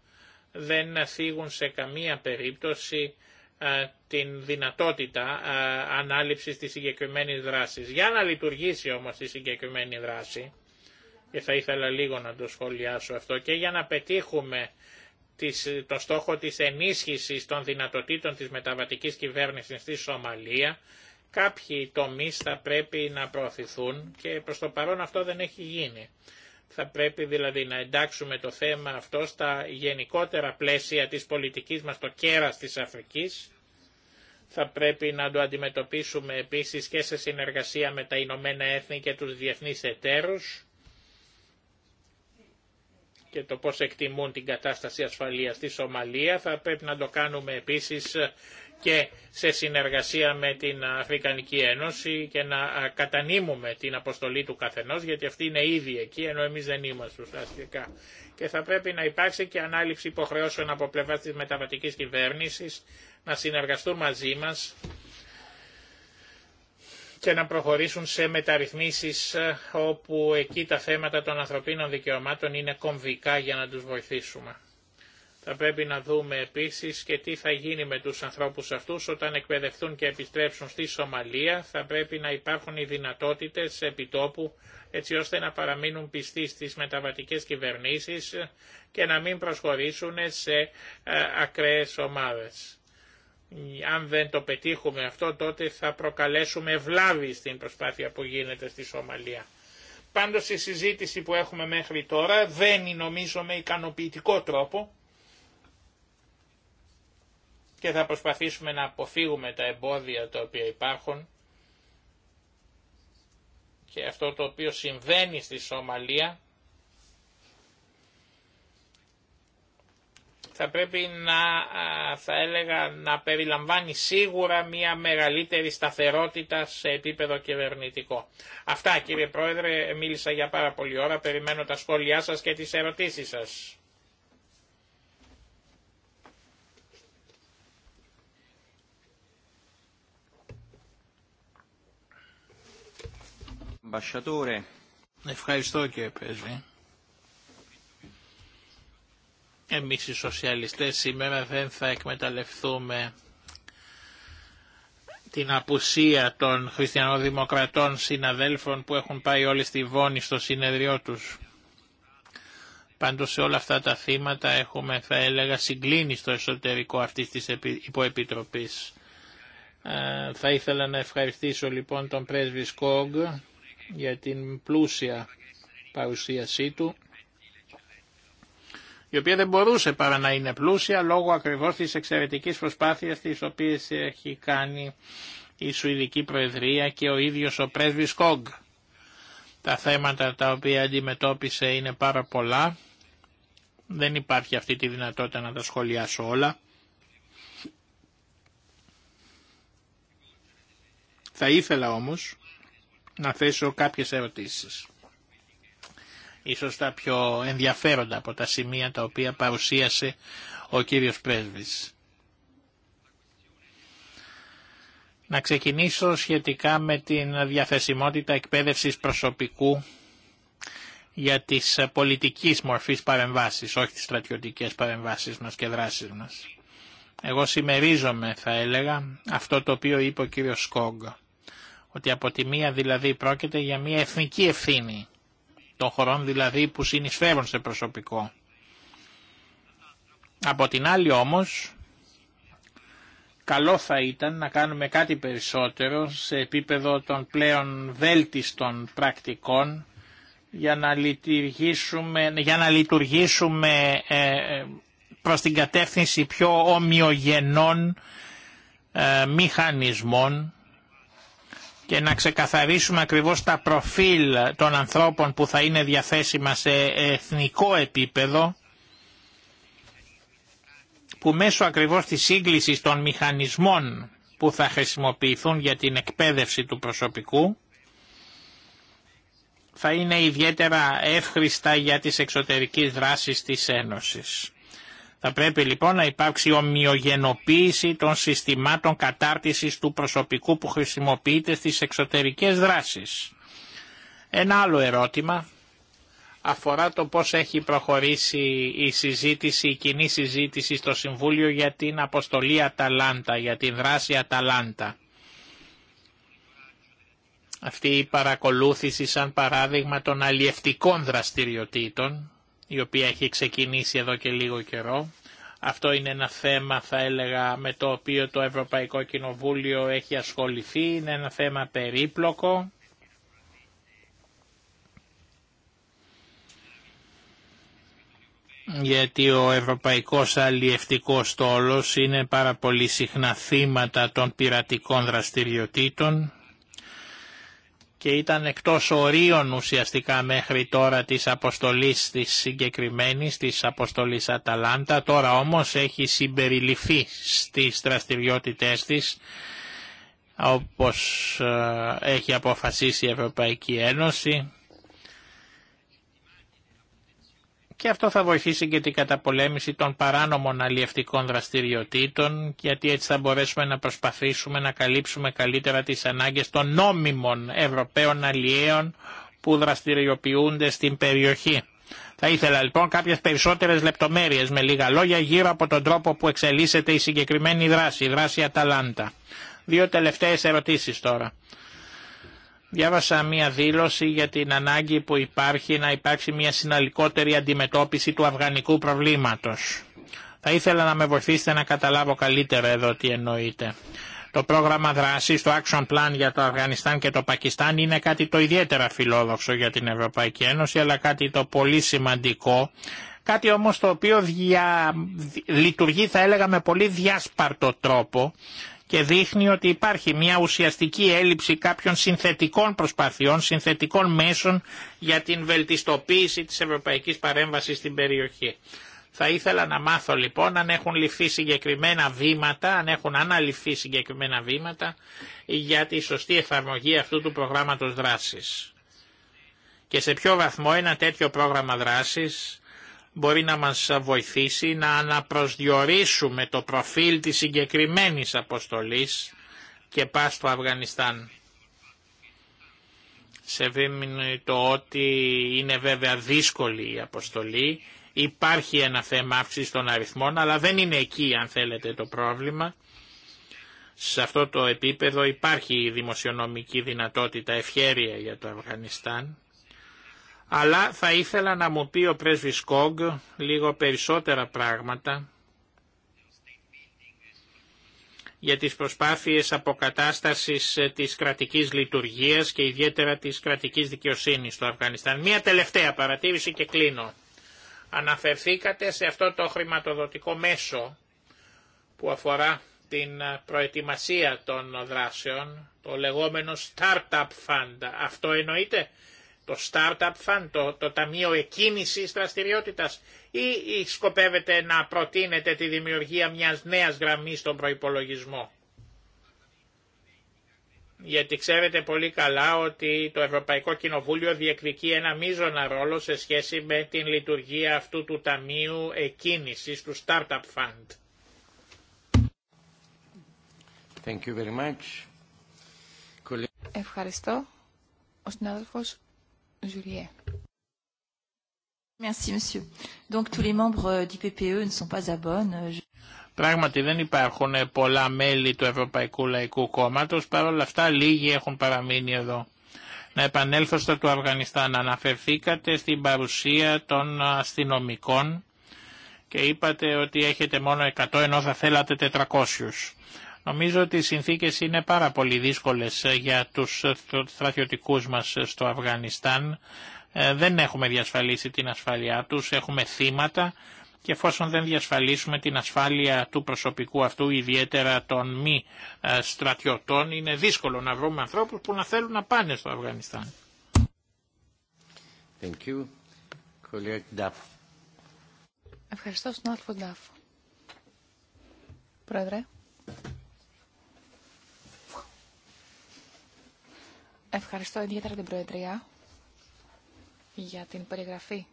δεν θίγουν σε καμία περίπτωση την δυνατότητα ανάληψης της συγκεκριμένη δράσης. Για να λειτουργήσει όμως η συγκεκριμένη δράση, και θα ήθελα λίγο να το σχολιάσω αυτό, και για να πετύχουμε το στόχο της ενίσχυσης των δυνατοτήτων της μεταβατικής κυβέρνησης στη Σομαλία, κάποιοι τομείς θα πρέπει να προωθηθούν και προς το παρόν αυτό δεν έχει γίνει. Θα πρέπει δηλαδή να εντάξουμε το θέμα αυτό στα γενικότερα πλαίσια της πολιτικής μας, το κέρας της Αφρικής. Θα πρέπει να το αντιμετωπίσουμε επίσης και σε συνεργασία με τα Ηνωμένα Έθνη και τους διεθνείς εταίρους και το πώς εκτιμούν την κατάσταση ασφαλείας στη Σομαλία. Θα πρέπει να το κάνουμε επίσης και σε συνεργασία με την Αφρικανική Ένωση και να κατανείμουμε την αποστολή του καθενός γιατί αυτή είναι ήδη εκεί ενώ εμείς δεν είμαστε ουσιαστικά. Και θα πρέπει να υπάρξει και ανάληψη υποχρεώσεων από πλευρά της μεταβατικής κυβέρνησης να συνεργαστούν μαζί μας και να προχωρήσουν σε μεταρρυθμίσεις όπου εκεί τα θέματα των ανθρωπίνων δικαιωμάτων είναι κομβικά για να τους βοηθήσουμε. Θα πρέπει να δούμε επίσης και τι θα γίνει με τους ανθρώπους αυτούς όταν εκπαιδευτούν και επιστρέψουν στη Σομαλία. Θα πρέπει να υπάρχουν οι δυνατότητες επιτόπου έτσι ώστε να παραμείνουν πιστοί στις μεταβατικές κυβερνήσεις και να μην προσχωρήσουν σε ε, ακραίες ομάδες. Αν δεν το πετύχουμε αυτό τότε θα προκαλέσουμε βλάβη στην προσπάθεια που γίνεται στη Σομαλία. Πάντως η συζήτηση που έχουμε μέχρι τώρα δεν νομίζω με ικανοποιητικό τρόπο και θα προσπαθήσουμε να αποφύγουμε τα εμπόδια τα οποία υπάρχουν και αυτό το οποίο συμβαίνει στη Σομαλία θα πρέπει να, θα έλεγα, να περιλαμβάνει σίγουρα μια μεγαλύτερη σταθερότητα σε επίπεδο κυβερνητικό. Αυτά κύριε Πρόεδρε, μίλησα για πάρα πολλή ώρα, περιμένω τα σχόλιά σας και τις ερωτήσεις σας. Ευχαριστώ κύριε Πρέσβη. Εμείς οι σοσιαλιστές σήμερα δεν θα εκμεταλλευτούμε την απουσία των χριστιανοδημοκρατών συναδέλφων που έχουν πάει όλοι στη Βόνη στο συνεδριό τους. Πάντως σε όλα αυτά τα θύματα έχουμε θα έλεγα συγκλίνει στο εσωτερικό αυτής της υποεπιτροπής. Ε, θα ήθελα να ευχαριστήσω λοιπόν τον πρέσβη Σκόγκ για την πλούσια παρουσίασή του, η οποία δεν μπορούσε παρά να είναι πλούσια λόγω ακριβώς της εξαιρετικής προσπάθειας της οποίας έχει κάνει η Σουηδική Προεδρία και ο ίδιος ο πρέσβης Κόγκ. Τα θέματα τα οποία αντιμετώπισε είναι πάρα πολλά. Δεν υπάρχει αυτή τη δυνατότητα να τα σχολιάσω όλα. Θα ήθελα όμως να θέσω κάποιες ερωτήσεις. Ίσως τα πιο ενδιαφέροντα από τα σημεία τα οποία παρουσίασε ο κύριος Πρέσβης. Να ξεκινήσω σχετικά με την διαθεσιμότητα εκπαίδευσης προσωπικού για τις πολιτικής μορφής παρεμβάσεις, όχι τις στρατιωτικές παρεμβάσεις μας και δράσεις μας. Εγώ συμμερίζομαι, θα έλεγα, αυτό το οποίο είπε ο κύριος Σκόγκ ότι από τη μία δηλαδή πρόκειται για μια εθνική ευθύνη των χωρών δηλαδή που συνεισφέρουν σε προσωπικό. Από την άλλη όμως, καλό θα ήταν να κάνουμε κάτι περισσότερο σε επίπεδο των πλέον βέλτιστων πρακτικών για να λειτουργήσουμε, για να λειτουργήσουμε ε, προς την κατεύθυνση πιο ομοιογενών ε, μηχανισμών και να ξεκαθαρίσουμε ακριβώς τα προφίλ των ανθρώπων που θα είναι διαθέσιμα σε εθνικό επίπεδο που μέσω ακριβώς της σύγκλησης των μηχανισμών που θα χρησιμοποιηθούν για την εκπαίδευση του προσωπικού θα είναι ιδιαίτερα εύχριστα για τις εξωτερικές δράσεις της Ένωσης. Θα πρέπει λοιπόν να υπάρξει ομοιογενοποίηση των συστημάτων κατάρτισης του προσωπικού που χρησιμοποιείται στις εξωτερικές δράσεις. Ένα άλλο ερώτημα αφορά το πώς έχει προχωρήσει η συζήτηση, η κοινή συζήτηση στο Συμβούλιο για την αποστολή Αταλάντα, για την δράση Αταλάντα. Αυτή η παρακολούθηση σαν παράδειγμα των αλλιευτικών δραστηριοτήτων η οποία έχει ξεκινήσει εδώ και λίγο καιρό. Αυτό είναι ένα θέμα θα έλεγα με το οποίο το Ευρωπαϊκό Κοινοβούλιο έχει ασχοληθεί, είναι ένα θέμα περίπλοκο. γιατί ο ευρωπαϊκός αλλιευτικός τόλος είναι πάρα πολύ συχνά θύματα των πειρατικών δραστηριοτήτων και ήταν εκτός ορίων ουσιαστικά μέχρι τώρα της αποστολής της συγκεκριμένης, της αποστολής Αταλάντα, τώρα όμως έχει συμπεριληφθεί στις δραστηριότητές της, όπως ε, έχει αποφασίσει η Ευρωπαϊκή Ένωση και αυτό θα βοηθήσει και την καταπολέμηση των παράνομων αλλιευτικών δραστηριοτήτων, γιατί έτσι θα μπορέσουμε να προσπαθήσουμε να καλύψουμε καλύτερα τις ανάγκες των νόμιμων Ευρωπαίων αλλιέων που δραστηριοποιούνται στην περιοχή. Θα ήθελα λοιπόν κάποιες περισσότερες λεπτομέρειες με λίγα λόγια γύρω από τον τρόπο που εξελίσσεται η συγκεκριμένη δράση, η δράση Αταλάντα. Δύο τελευταίες ερωτήσεις τώρα. Διάβασα μία δήλωση για την ανάγκη που υπάρχει να υπάρξει μία συναλλικότερη αντιμετώπιση του αφγανικού προβλήματος. Θα ήθελα να με βοηθήσετε να καταλάβω καλύτερα εδώ τι εννοείται. Το πρόγραμμα δράσης, το Action Plan για το Αφγανιστάν και το Πακιστάν είναι κάτι το ιδιαίτερα φιλόδοξο για την Ευρωπαϊκή Ένωση, αλλά κάτι το πολύ σημαντικό, κάτι όμως το οποίο δια... λειτουργεί θα έλεγα με πολύ διάσπαρτο τρόπο και δείχνει ότι υπάρχει μια ουσιαστική έλλειψη κάποιων συνθετικών προσπαθειών, συνθετικών μέσων για την βελτιστοποίηση της ευρωπαϊκής παρέμβασης στην περιοχή. Θα ήθελα να μάθω λοιπόν αν έχουν ληφθεί συγκεκριμένα βήματα, αν έχουν αναλυφθεί συγκεκριμένα βήματα για τη σωστή εφαρμογή αυτού του προγράμματος δράσης. Και σε ποιο βαθμό ένα τέτοιο πρόγραμμα δράσης μπορεί να μας βοηθήσει να αναπροσδιορίσουμε το προφίλ της συγκεκριμένη αποστολής και πά στο Αφγανιστάν. Σε το ότι είναι βέβαια δύσκολη η αποστολή, υπάρχει ένα θέμα αύξηση των αριθμών, αλλά δεν είναι εκεί αν θέλετε το πρόβλημα. Σε αυτό το επίπεδο υπάρχει η δημοσιονομική δυνατότητα ευχέρεια για το Αφγανιστάν. Αλλά θα ήθελα να μου πει ο πρέσβης Κόγκ λίγο περισσότερα πράγματα για τις προσπάθειες αποκατάστασης ε, της κρατικής λειτουργίας και ιδιαίτερα της κρατικής δικαιοσύνης στο Αφγανιστάν. Μία τελευταία παρατήρηση και κλείνω. Αναφερθήκατε σε αυτό το χρηματοδοτικό μέσο που αφορά την ε, προετοιμασία των δράσεων, το λεγόμενο Startup Fund. Αυτό εννοείται το Startup Fund, το, το Ταμείο Εκκίνησης Δραστηριότητας ή, ή σκοπεύετε να προτείνετε τη δημιουργία μιας νέας γραμμής στον προϋπολογισμό. Γιατί ξέρετε πολύ καλά ότι το Ευρωπαϊκό Κοινοβούλιο διεκδικεί ένα μείζωνα ρόλο σε σχέση με την λειτουργία αυτού του Ταμείου Εκκίνησης, του Startup Fund. Thank Ευχαριστώ. Ο συνάδελφος Πράγματι δεν υπάρχουν ε, πολλά μέλη του Ευρωπαϊκού Λαϊκού Κόμματος, παρόλα αυτά λίγοι έχουν παραμείνει εδώ. Να επανέλθω στο του Αφγανιστάν. Αναφερθήκατε στην παρουσία των αστυνομικών και είπατε ότι έχετε μόνο 100 ενώ θα θέλατε 400. Νομίζω ότι οι συνθήκες είναι πάρα πολύ δύσκολες ε, για τους ε, στρατιωτικούς μας ε, στο Αφγανιστάν. Δεν έχουμε διασφαλίσει την ασφαλειά τους, έχουμε θύματα και εφόσον δεν διασφαλίσουμε την ασφάλεια του προσωπικού αυτού, ιδιαίτερα των μη στρατιωτών, είναι δύσκολο να βρούμε ανθρώπους που να θέλουν να πάνε στο Αφγανιστάν. Thank you. Ευχαριστώ στον Πρόεδρε. Ευχαριστώ ιδιαίτερα την Προεδρία για την περιγραφή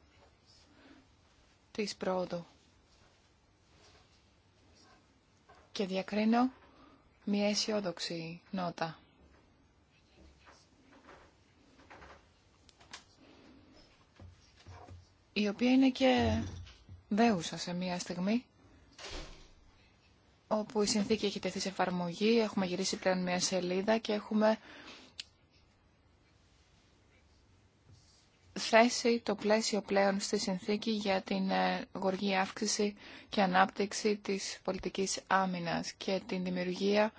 της πρόοδου. Και διακρίνω μια αισιόδοξη νότα. η οποία είναι και δέουσα σε μια στιγμή όπου η συνθήκη έχει τεθεί σε εφαρμογή, έχουμε γυρίσει πλέον μια σελίδα και έχουμε θέσει το πλαίσιο πλέον στη συνθήκη για την ε, γοργή αύξηση και ανάπτυξη της πολιτικής άμυνας και την δημιουργία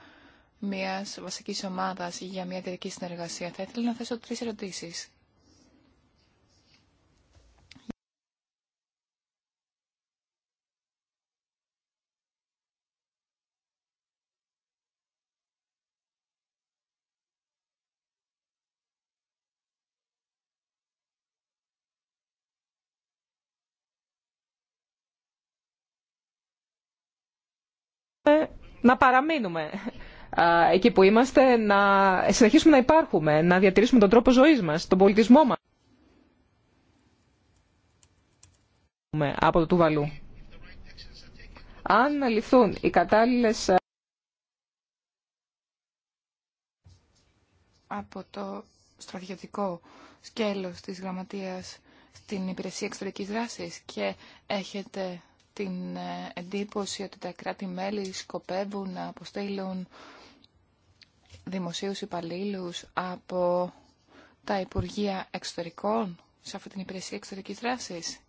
μιας βασικής ομάδας για μια εταιρική συνεργασία. Θα ήθελα να θέσω τρεις ερωτήσεις. να παραμείνουμε εκεί που είμαστε, να συνεχίσουμε να υπάρχουμε, να διατηρήσουμε τον τρόπο ζωής μας, τον πολιτισμό μας. από το τουβαλού. Αν ληφθούν οι κατάλληλες από το στρατιωτικό σκέλος της γραμματείας στην υπηρεσία εξωτερικής δράσης και έχετε την ε, εντύπωση ότι τα κράτη-μέλη σκοπεύουν να αποστείλουν δημοσίους υπαλλήλου από τα Υπουργεία Εξωτερικών σε αυτή την υπηρεσία εξωτερικής δράσης.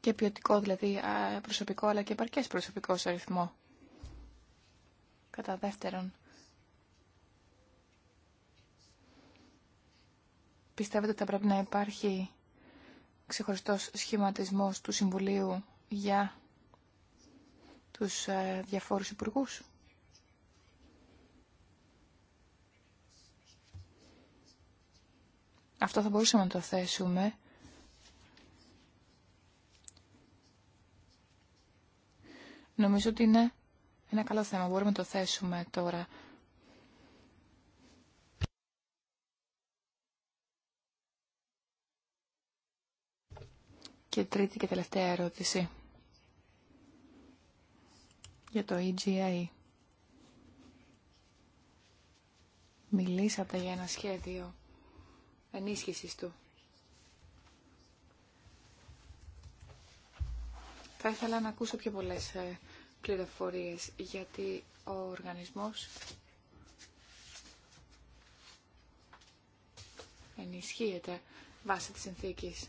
Και ποιοτικό δηλαδή προσωπικό αλλά και επαρκές προσωπικό σε αριθμό. Κατά δεύτερον, πιστεύετε ότι θα πρέπει να υπάρχει ξεχωριστός σχηματισμός του Συμβουλίου για τους ε, διαφόρους υπουργούς. Αυτό θα μπορούσαμε να το θέσουμε. Νομίζω ότι είναι ένα καλό θέμα. Μπορούμε να το θέσουμε τώρα Και τρίτη και τελευταία ερώτηση για το EGI. Μιλήσατε για ένα σχέδιο ενίσχυσης του. Θα ήθελα να ακούσω πιο πολλές ε, πληροφορίες, γιατί ο οργανισμός ενισχύεται βάσει της συνθήκης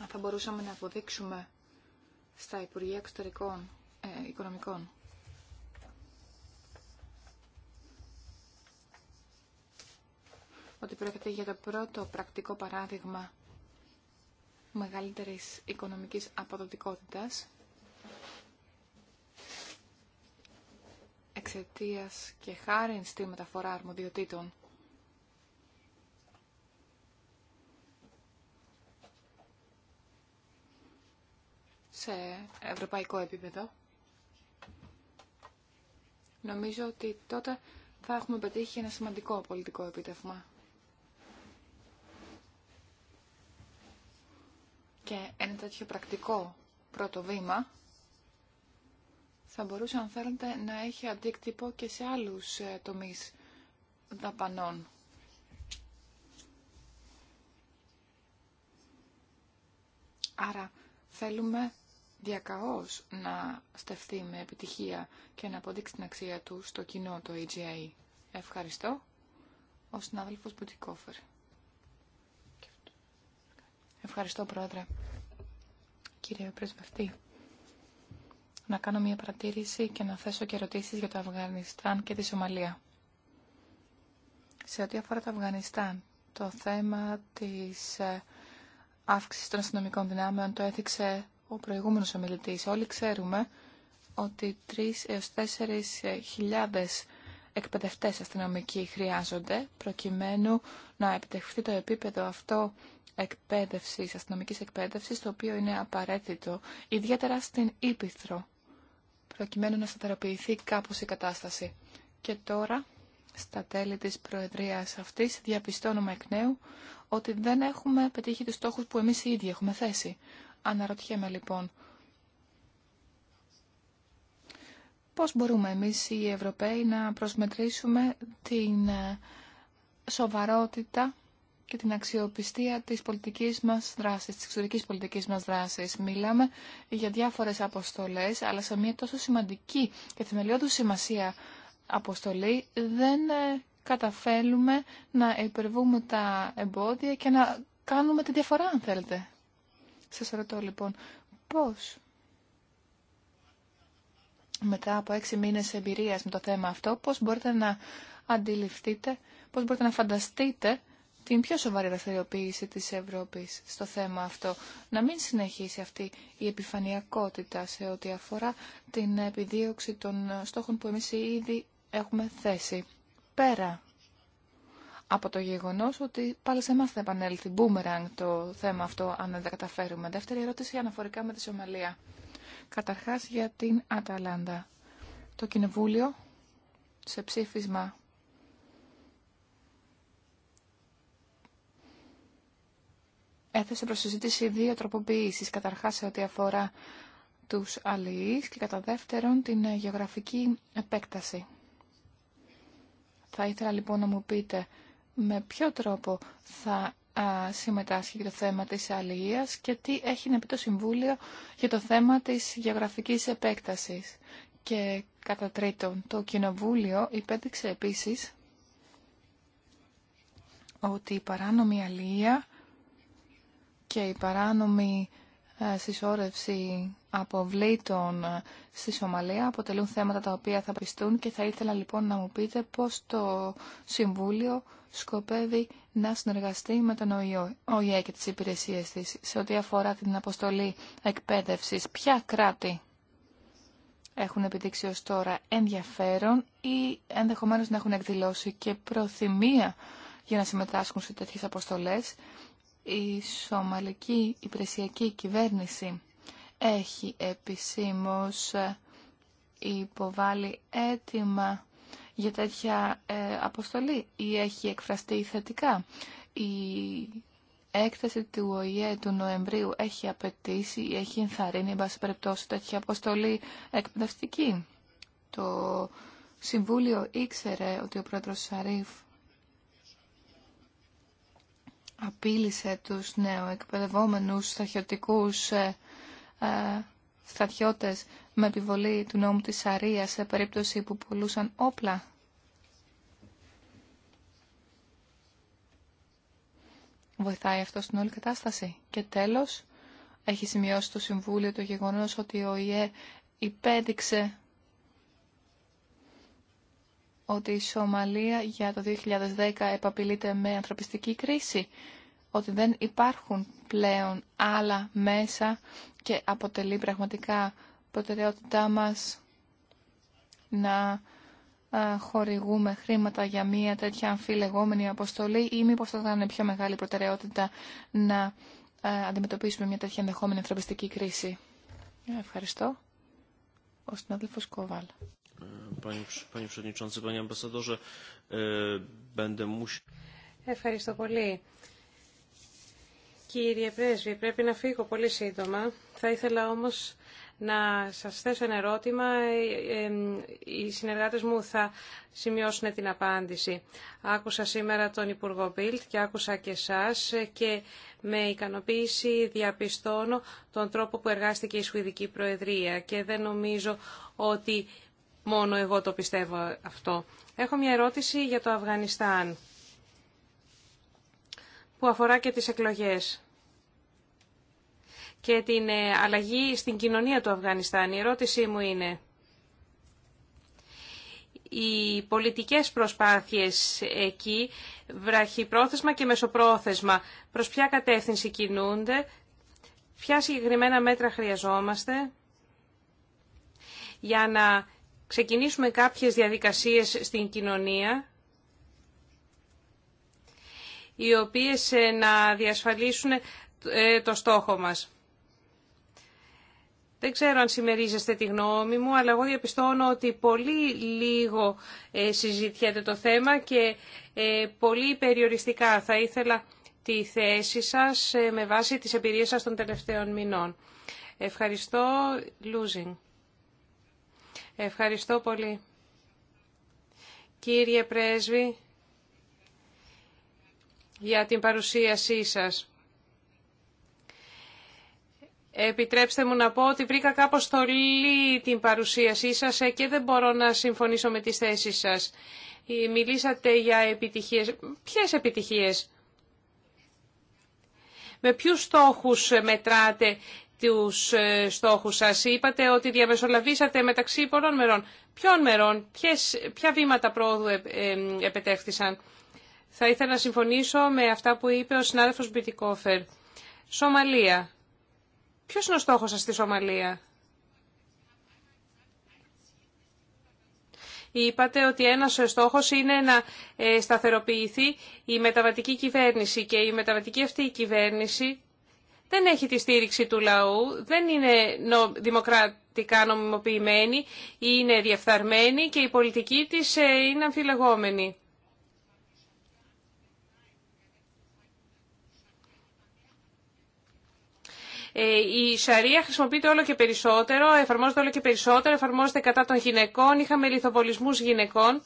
αν θα μπορούσαμε να αποδείξουμε στα Υπουργεία Εξωτερικών ε, Οικονομικών ότι πρόκειται για το πρώτο πρακτικό παράδειγμα μεγαλύτερης οικονομικής αποδοτικότητας εξαιτίας και χάρη στη μεταφορά αρμοδιοτήτων σε ευρωπαϊκό επίπεδο. Νομίζω ότι τότε θα έχουμε πετύχει ένα σημαντικό πολιτικό επίτευγμα. Και ένα τέτοιο πρακτικό πρώτο βήμα θα μπορούσε, αν θέλετε, να έχει αντίκτυπο και σε άλλους ε, τομείς δαπανών. Άρα θέλουμε διακαώς να στεφθεί με επιτυχία και να αποδείξει την αξία του στο κοινό το EGA. Ευχαριστώ. Ο συνάδελφος Μπουτικόφερ. Ευχαριστώ, Πρόεδρε. Κύριε Πρεσβευτή, να κάνω μια παρατήρηση και να θέσω και ερωτήσεις για το Αφγανιστάν και τη Σομαλία. Σε ό,τι αφορά το Αφγανιστάν, το θέμα της ε, αύξησης των αστυνομικών δυνάμεων το έθιξε ο προηγούμενος ομιλητής. Όλοι ξέρουμε ότι 3 έως 4 χιλιάδες εκπαιδευτές αστυνομικοί χρειάζονται προκειμένου να επιτευχθεί το επίπεδο αυτό εκπαίδευσης, αστυνομικής εκπαίδευσης, το οποίο είναι απαραίτητο, ιδιαίτερα στην Ήπιθρο, προκειμένου να σταθεροποιηθεί κάπως η κατάσταση. Και τώρα, στα τέλη της Προεδρίας αυτής, διαπιστώνουμε εκ νέου ότι δεν έχουμε πετύχει τους στόχους που εμείς οι ίδιοι έχουμε θέσει. Αναρωτιέμαι λοιπόν πώς μπορούμε εμείς οι Ευρωπαίοι να προσμετρήσουμε την ε, σοβαρότητα και την αξιοπιστία της πολιτικής μας δράσης, της εξωτερικής πολιτικής μας δράσης. Μιλάμε για διάφορες αποστολές, αλλά σε μια τόσο σημαντική και θεμελιώδη σημασία αποστολή δεν ε, καταφέρουμε να υπερβούμε τα εμπόδια και να κάνουμε τη διαφορά, αν θέλετε. Σας ρωτώ λοιπόν πώς μετά από έξι μήνες εμπειρίας με το θέμα αυτό, πώς μπορείτε να αντιληφθείτε, πώς μπορείτε να φανταστείτε την πιο σοβαρή δραστηριοποίηση της Ευρώπης στο θέμα αυτό. Να μην συνεχίσει αυτή η επιφανειακότητα σε ό,τι αφορά την επιδίωξη των στόχων που εμείς ήδη έχουμε θέσει. Πέρα από το γεγονός ότι πάλι σε εμάς θα επανέλθει μπούμερανγκ το θέμα αυτό αν δεν τα καταφέρουμε. Δεύτερη ερώτηση αναφορικά με τη Σομαλία. Καταρχάς για την Αταλάντα. Το Κοινοβούλιο σε ψήφισμα έθεσε προς δύο τροποποιήσεις. Καταρχάς σε ό,τι αφορά τους αλληλείς και κατά δεύτερον την γεωγραφική επέκταση. Θα ήθελα λοιπόν να μου πείτε με ποιο τρόπο θα συμμετάσχει και το θέμα της αλληλείας και τι έχει να πει το Συμβούλιο για το θέμα της γεωγραφικής επέκτασης. Και κατά τρίτον, το Κοινοβούλιο υπέδειξε επίσης ότι η παράνομη αλληλεία και η παράνομη συσσόρευση αποβλήτων ε, στη Σομαλία αποτελούν θέματα τα οποία θα πιστούν και θα ήθελα λοιπόν να μου πείτε πώς το Συμβούλιο σκοπεύει να συνεργαστεί με τον ΟΗΕ και τις υπηρεσίες της σε ό,τι αφορά την αποστολή εκπαίδευσης. Ποια κράτη έχουν επιδείξει ως τώρα ενδιαφέρον ή ενδεχομένως να έχουν εκδηλώσει και προθυμία για να συμμετάσχουν σε τέτοιες αποστολές. Η Σομαλική Υπηρεσιακή Κυβέρνηση έχει επισήμως ε, υποβάλει αίτημα για τέτοια ε, αποστολή ή έχει εκφραστεί θετικά. Η έκθεση του ΟΗΕ του Νοεμβρίου έχει απαιτήσει ή έχει ενθαρρύνει, εν πάση περιπτώσει, τέτοια αποστολή εκπαιδευτική. Το Συμβούλιο ήξερε ότι ο πρόεδρος Σαρίφ απείλησε τους νέοεκπαιδευόμενους στρατιωτικούς ε, ε, στρατιώτες με επιβολή του νόμου της Σαρία σε περίπτωση που πουλούσαν όπλα. Βοηθάει αυτό στην όλη κατάσταση. Και τέλος, έχει σημειώσει το Συμβούλιο το γεγονός ότι ο ΙΕ υπέδειξε ότι η Σομαλία για το 2010 επαπειλείται με ανθρωπιστική κρίση ότι δεν υπάρχουν πλέον άλλα μέσα και αποτελεί πραγματικά προτεραιότητά μας να χορηγούμε χρήματα για μια τέτοια αμφιλεγόμενη αποστολή ή μήπως θα ήταν πιο μεγάλη προτεραιότητα να αντιμετωπίσουμε μια τέτοια ενδεχόμενη ανθρωπιστική κρίση. Ευχαριστώ. Ο συνάδελφος Κόβαλ. E, Ευχαριστώ πολύ. Κύριε Πρέσβη, πρέπει να φύγω πολύ σύντομα. Θα ήθελα όμως να σας θέσω ένα ερώτημα. Ε, ε, οι συνεργάτες μου θα σημειώσουν την απάντηση. Άκουσα σήμερα τον Υπουργό Μπίλτ και άκουσα και εσάς και με ικανοποίηση διαπιστώνω τον τρόπο που εργάστηκε η Σουηδική Προεδρία και δεν νομίζω ότι μόνο εγώ το πιστεύω αυτό. Έχω μια ερώτηση για το Αφγανιστάν που αφορά και τις εκλογές και την ε, αλλαγή στην κοινωνία του Αφγανιστάν. Η ερώτησή μου είναι, οι πολιτικές προσπάθειες εκεί, βραχυπρόθεσμα και μεσοπρόθεσμα, προς ποια κατεύθυνση κινούνται, ποια συγκεκριμένα μέτρα χρειαζόμαστε για να ξεκινήσουμε κάποιες διαδικασίες στην κοινωνία, οι οποίες ε, να διασφαλίσουν ε, το στόχο μας. Δεν ξέρω αν συμμερίζεστε τη γνώμη μου, αλλά εγώ διαπιστώνω ότι πολύ λίγο ε, συζητιέται το θέμα και ε, πολύ περιοριστικά θα ήθελα τη θέση σας ε, με βάση τις εμπειρίες σας των τελευταίων μηνών. Ευχαριστώ, Λούζιν. Ευχαριστώ πολύ. Κύριε Πρέσβη, για την παρουσίασή σας. Επιτρέψτε μου να πω ότι βρήκα κάπως θολή την παρουσίασή σας ε, και δεν μπορώ να συμφωνήσω με τις θέσεις σας. Ε, μιλήσατε για επιτυχίες. Ποιες επιτυχίες? Με ποιους στόχους μετράτε τους ε, στόχους σας. Είπατε ότι διαμεσολαβήσατε μεταξύ πολλών μερών. Ποιων μερών, ποιες, ποια βήματα πρόοδου επετέχθησαν. Θα ήθελα να συμφωνήσω με αυτά που είπε ο συνάδελφος Μπιτικόφερ. Σομαλία. Ποιο είναι ο στόχο σα στη Σομαλία? Είπατε ότι ένας στόχος είναι να ε, σταθεροποιηθεί η μεταβατική κυβέρνηση και η μεταβατική αυτή η κυβέρνηση δεν έχει τη στήριξη του λαού, δεν είναι δημοκρατικά νομιμοποιημένη, είναι διεφθαρμένη και η πολιτική της ε, είναι αμφιλεγόμενη. Ε, η Σαρία χρησιμοποιείται όλο και περισσότερο, εφαρμόζεται όλο και περισσότερο, εφαρμόζεται κατά των γυναικών, είχαμε λιθοβολισμούς γυναικών.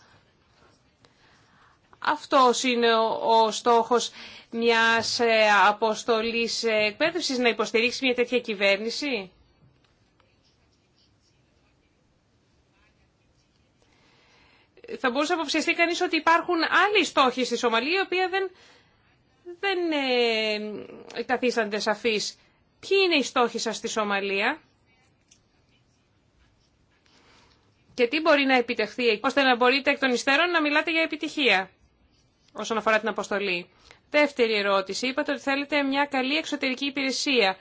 Αυτό είναι ο στόχος μιας ε, αποστολής εκπαίδευσης, να υποστηρίξει μια τέτοια κυβέρνηση. Θα μπορούσε να αποψιαστεί κανείς ότι υπάρχουν άλλοι στόχοι στη Σομαλία, οι οποίοι δεν, δεν ε, σαφείς. Ποιοι είναι οι στόχοι σας στη Σομαλία και τι μπορεί να επιτευχθεί ώστε να μπορείτε εκ των υστέρων να μιλάτε για επιτυχία όσον αφορά την αποστολή. Δεύτερη ερώτηση. Είπατε ότι θέλετε μια καλή εξωτερική υπηρεσία.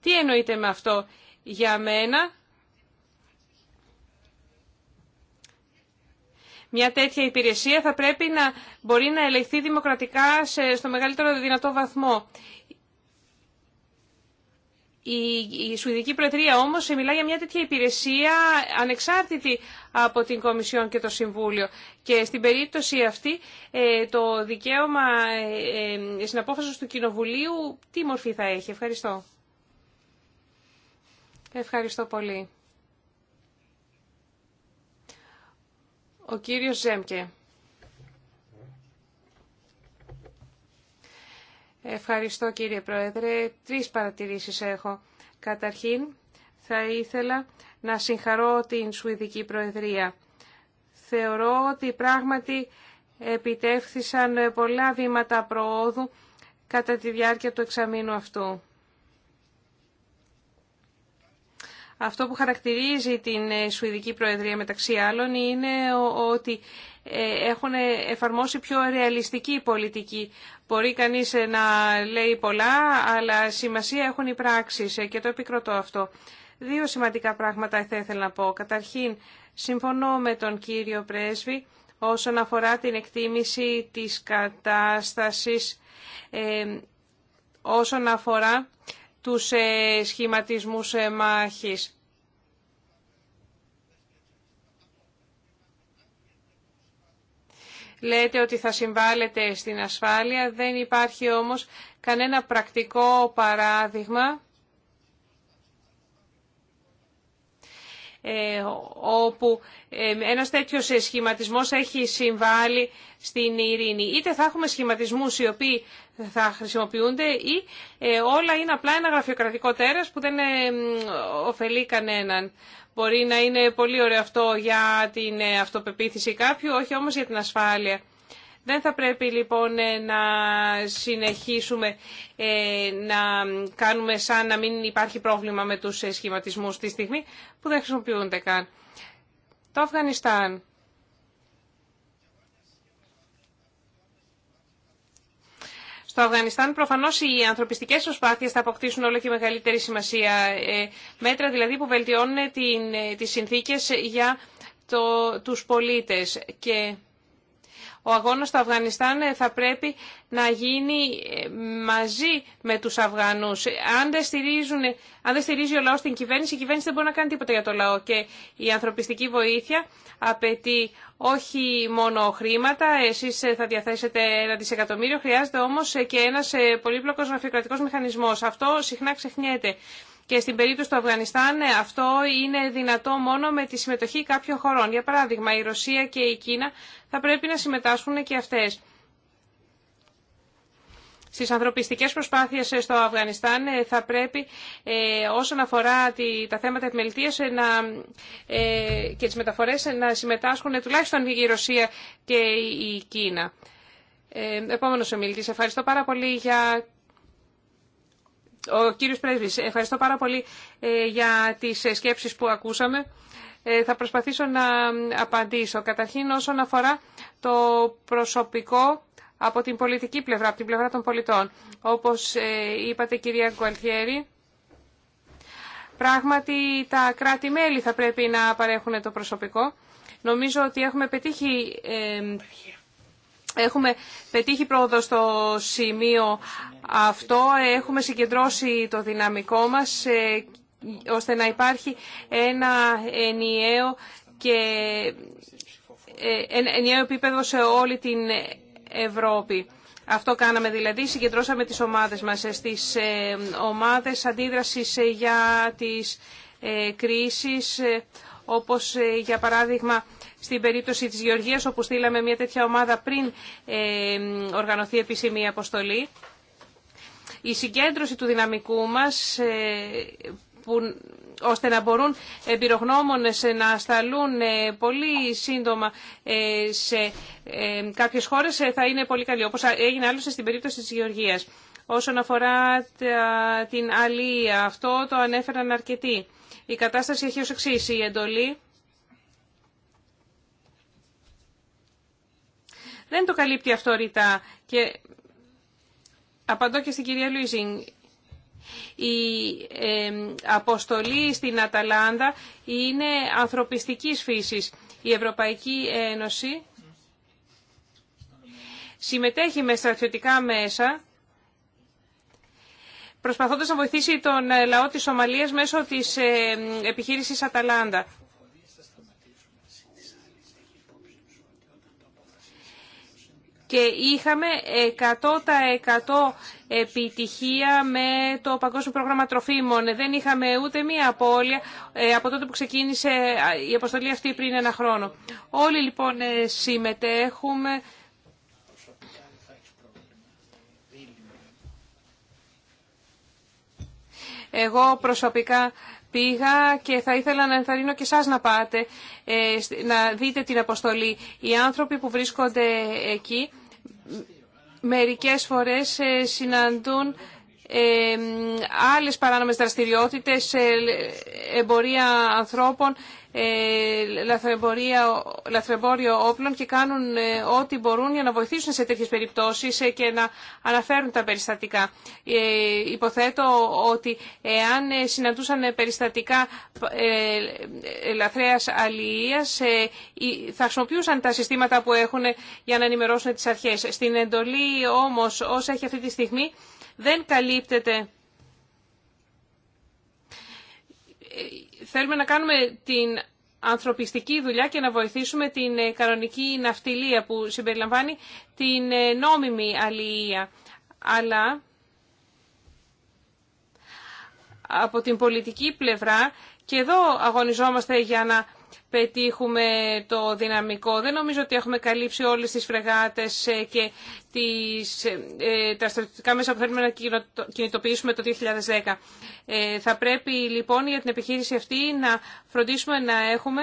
Τι εννοείτε με αυτό για μένα. Μια τέτοια υπηρεσία θα πρέπει να μπορεί να ελεγχθεί δημοκρατικά στο μεγαλύτερο δυνατό βαθμό. Η, Σουηδική Προεδρία όμως μιλά για μια τέτοια υπηρεσία ανεξάρτητη από την Κομισιόν και το Συμβούλιο. Και στην περίπτωση αυτή ε, το δικαίωμα ε, ε, συναπόφασης του Κοινοβουλίου τι μορφή θα έχει. Ευχαριστώ. Ευχαριστώ πολύ. Ο κύριος Ζέμκε. Ευχαριστώ κύριε Πρόεδρε. Τρεις παρατηρήσεις έχω. Καταρχήν, θα ήθελα να συγχαρώ την Σουηδική Προεδρία. Θεωρώ ότι πράγματι επιτεύχθησαν πολλά βήματα προόδου κατά τη διάρκεια του εξαμήνου αυτού. Αυτό που χαρακτηρίζει την Σουηδική Προεδρία μεταξύ άλλων είναι ότι ε, έχουν εφαρμόσει πιο ρεαλιστική πολιτική. Μπορεί κανείς ε, να λέει πολλά, αλλά σημασία έχουν οι πράξεις ε, και το επικροτώ αυτό. Δύο σημαντικά πράγματα θα ήθελα να πω. Καταρχήν, συμφωνώ με τον κύριο Πρέσβη όσον αφορά την εκτίμηση της κατάστασης όσον αφορά τους σχηματισμούς μάχης. λέτε ότι θα συμβάλλετε στην ασφάλεια, δεν υπάρχει όμως κανένα πρακτικό παράδειγμα ε, όπου ε, ένας τέτοιος σχηματισμός έχει συμβάλει στην ειρήνη. Είτε θα έχουμε σχηματισμούς οι οποίοι θα χρησιμοποιούνται ή ε, όλα είναι απλά ένα γραφειοκρατικό τέρας που δεν ωφελεί κανέναν. Μπορεί να είναι πολύ ωραίο αυτό για την ε, αυτοπεποίθηση κάποιου, όχι όμως για την ασφάλεια. Δεν θα πρέπει λοιπόν ε, να συνεχίσουμε ε, να κάνουμε σαν να μην υπάρχει πρόβλημα με τους σχηματισμούς τη στιγμή που δεν χρησιμοποιούνται καν. Το Αφγανιστάν. Στο Αφγανιστάν προφανώς οι ανθρωπιστικές προσπάθειε θα αποκτήσουν όλο και μεγαλύτερη σημασία. Ε, μέτρα δηλαδή που βελτιώνουν ε, τις συνθήκες για το, τους πολίτες. Και ο αγώνας στο Αφγανιστάν ε, θα πρέπει να γίνει ε, μαζί με τους Αφγανούς. Αν δεν, ε, αν δεν στηρίζει ο λαός την κυβέρνηση, η κυβέρνηση δεν μπορεί να κάνει τίποτα για το λαό. Και η ανθρωπιστική βοήθεια απαιτεί όχι μόνο χρήματα, εσείς θα διαθέσετε ένα δισεκατομμύριο, χρειάζεται όμως και ένας πολύπλοκος γραφειοκρατικός μηχανισμός. Αυτό συχνά ξεχνιέται. Και στην περίπτωση του Αφγανιστάν ναι, αυτό είναι δυνατό μόνο με τη συμμετοχή κάποιων χωρών. Για παράδειγμα, η Ρωσία και η Κίνα θα πρέπει να συμμετάσχουν και αυτές. Στις ανθρωπιστικές προσπάθειες ε, στο Αφγανιστάν ε, θα πρέπει ε, όσον αφορά τα θέματα επιμελητίας και τις μεταφορές να συμμετάσχουν τουλάχιστον η Ρωσία και η Κίνα. Επόμενος ομιλητής, ευχαριστώ πάρα πολύ για ο κύριος Πρέσβης, ευχαριστώ πάρα πολύ ε, για τις ε, σκέψεις που ακούσαμε. Ε, θα προσπαθήσω να απαντήσω. Καταρχήν όσον αφορά το προσωπικό από την πολιτική πλευρά, από την πλευρά των πολιτών. Όπως είπατε κυρία Γκουαλτιέρη, πράγματι τα κράτη-μέλη θα πρέπει να παρέχουν το προσωπικό. Νομίζω ότι έχουμε πετύχει Έχουμε πετύχει πρόοδο στο σημείο αυτό, έχουμε συγκεντρώσει το δυναμικό μας ε, ώστε να υπάρχει ένα ενιαίο και ε, ενιαίο επίπεδο σε όλη την Ευρώπη. Αυτό κάναμε δηλαδή, συγκεντρώσαμε τις ομάδες μας ε, στις ομάδες αντίδρασης για τις κρίσεις, όπως για παράδειγμα στην περίπτωση της Γεωργίας όπου στείλαμε μια τέτοια ομάδα πριν ε, οργανωθεί επίσημη αποστολή. Η συγκέντρωση του δυναμικού μας ε, που, ώστε να μπορούν εμπειρογνώμονες να ασταλούν ε, πολύ σύντομα σε κάποιες χώρες θα είναι πολύ καλή, όπως έγινε άλλωστε στην περίπτωση της Γεωργίας. Όσον αφορά την αλία, αυτό το ανέφεραν αρκετοί. Η κατάσταση έχει ως εξής. Η εντολή Δεν το καλύπτει αυτό ρητά και απαντώ και στην κυρία Λουίζινγκ. Η ε, αποστολή στην Αταλάντα είναι ανθρωπιστικής φύσης. Η Ευρωπαϊκή Ένωση συμμετέχει με στρατιωτικά μέσα προσπαθώντας να βοηθήσει τον ε, λαό της Σομαλίας μέσω της ε, επιχείρησης Αταλάντα. και είχαμε 100% επιτυχία με το Παγκόσμιο Πρόγραμμα Τροφίμων. Δεν είχαμε ούτε μία απώλεια ε, από τότε που ξεκίνησε η αποστολή αυτή πριν ένα χρόνο. Όλοι λοιπόν ε, συμμετέχουμε. Εγώ προσωπικά Πήγα και θα ήθελα να ενθαρρύνω και εσάς να πάτε, ε, να δείτε την αποστολή. Οι άνθρωποι που βρίσκονται εκεί μερικές φορές ε, συναντούν άλλες παράνομες δραστηριότητες, ε, εμπορία ανθρώπων, ε, λαθρεμπόριο όπλων και κάνουν ε, ό,τι μπορούν για να βοηθήσουν σε τέτοιες περιπτώσεις και να αναφέρουν τα περιστατικά. Υποθέτω ότι εάν συναντούσαν περιστατικά λαθρέας αλληλείας θα χρησιμοποιούσαν τα συστήματα που έχουν για να ενημερώσουν τις αρχές. Στην εντολή όμως όσα έχει αυτή τη στιγμή δεν καλύπτεται. Θέλουμε να κάνουμε την ανθρωπιστική δουλειά και να βοηθήσουμε την ε, κανονική ναυτιλία που συμπεριλαμβάνει την ε, νόμιμη αλληλεία. Αλλά από την πολιτική πλευρά και εδώ αγωνιζόμαστε για να πετύχουμε το δυναμικό. Δεν νομίζω ότι έχουμε καλύψει όλες τις φρεγάτες ε, και τις, ε, ε, τα στρατιωτικά μέσα που θέλουμε να κινητοποιήσουμε το 2010. θα πρέπει λοιπόν για την επιχείρηση αυτή να φροντίσουμε να έχουμε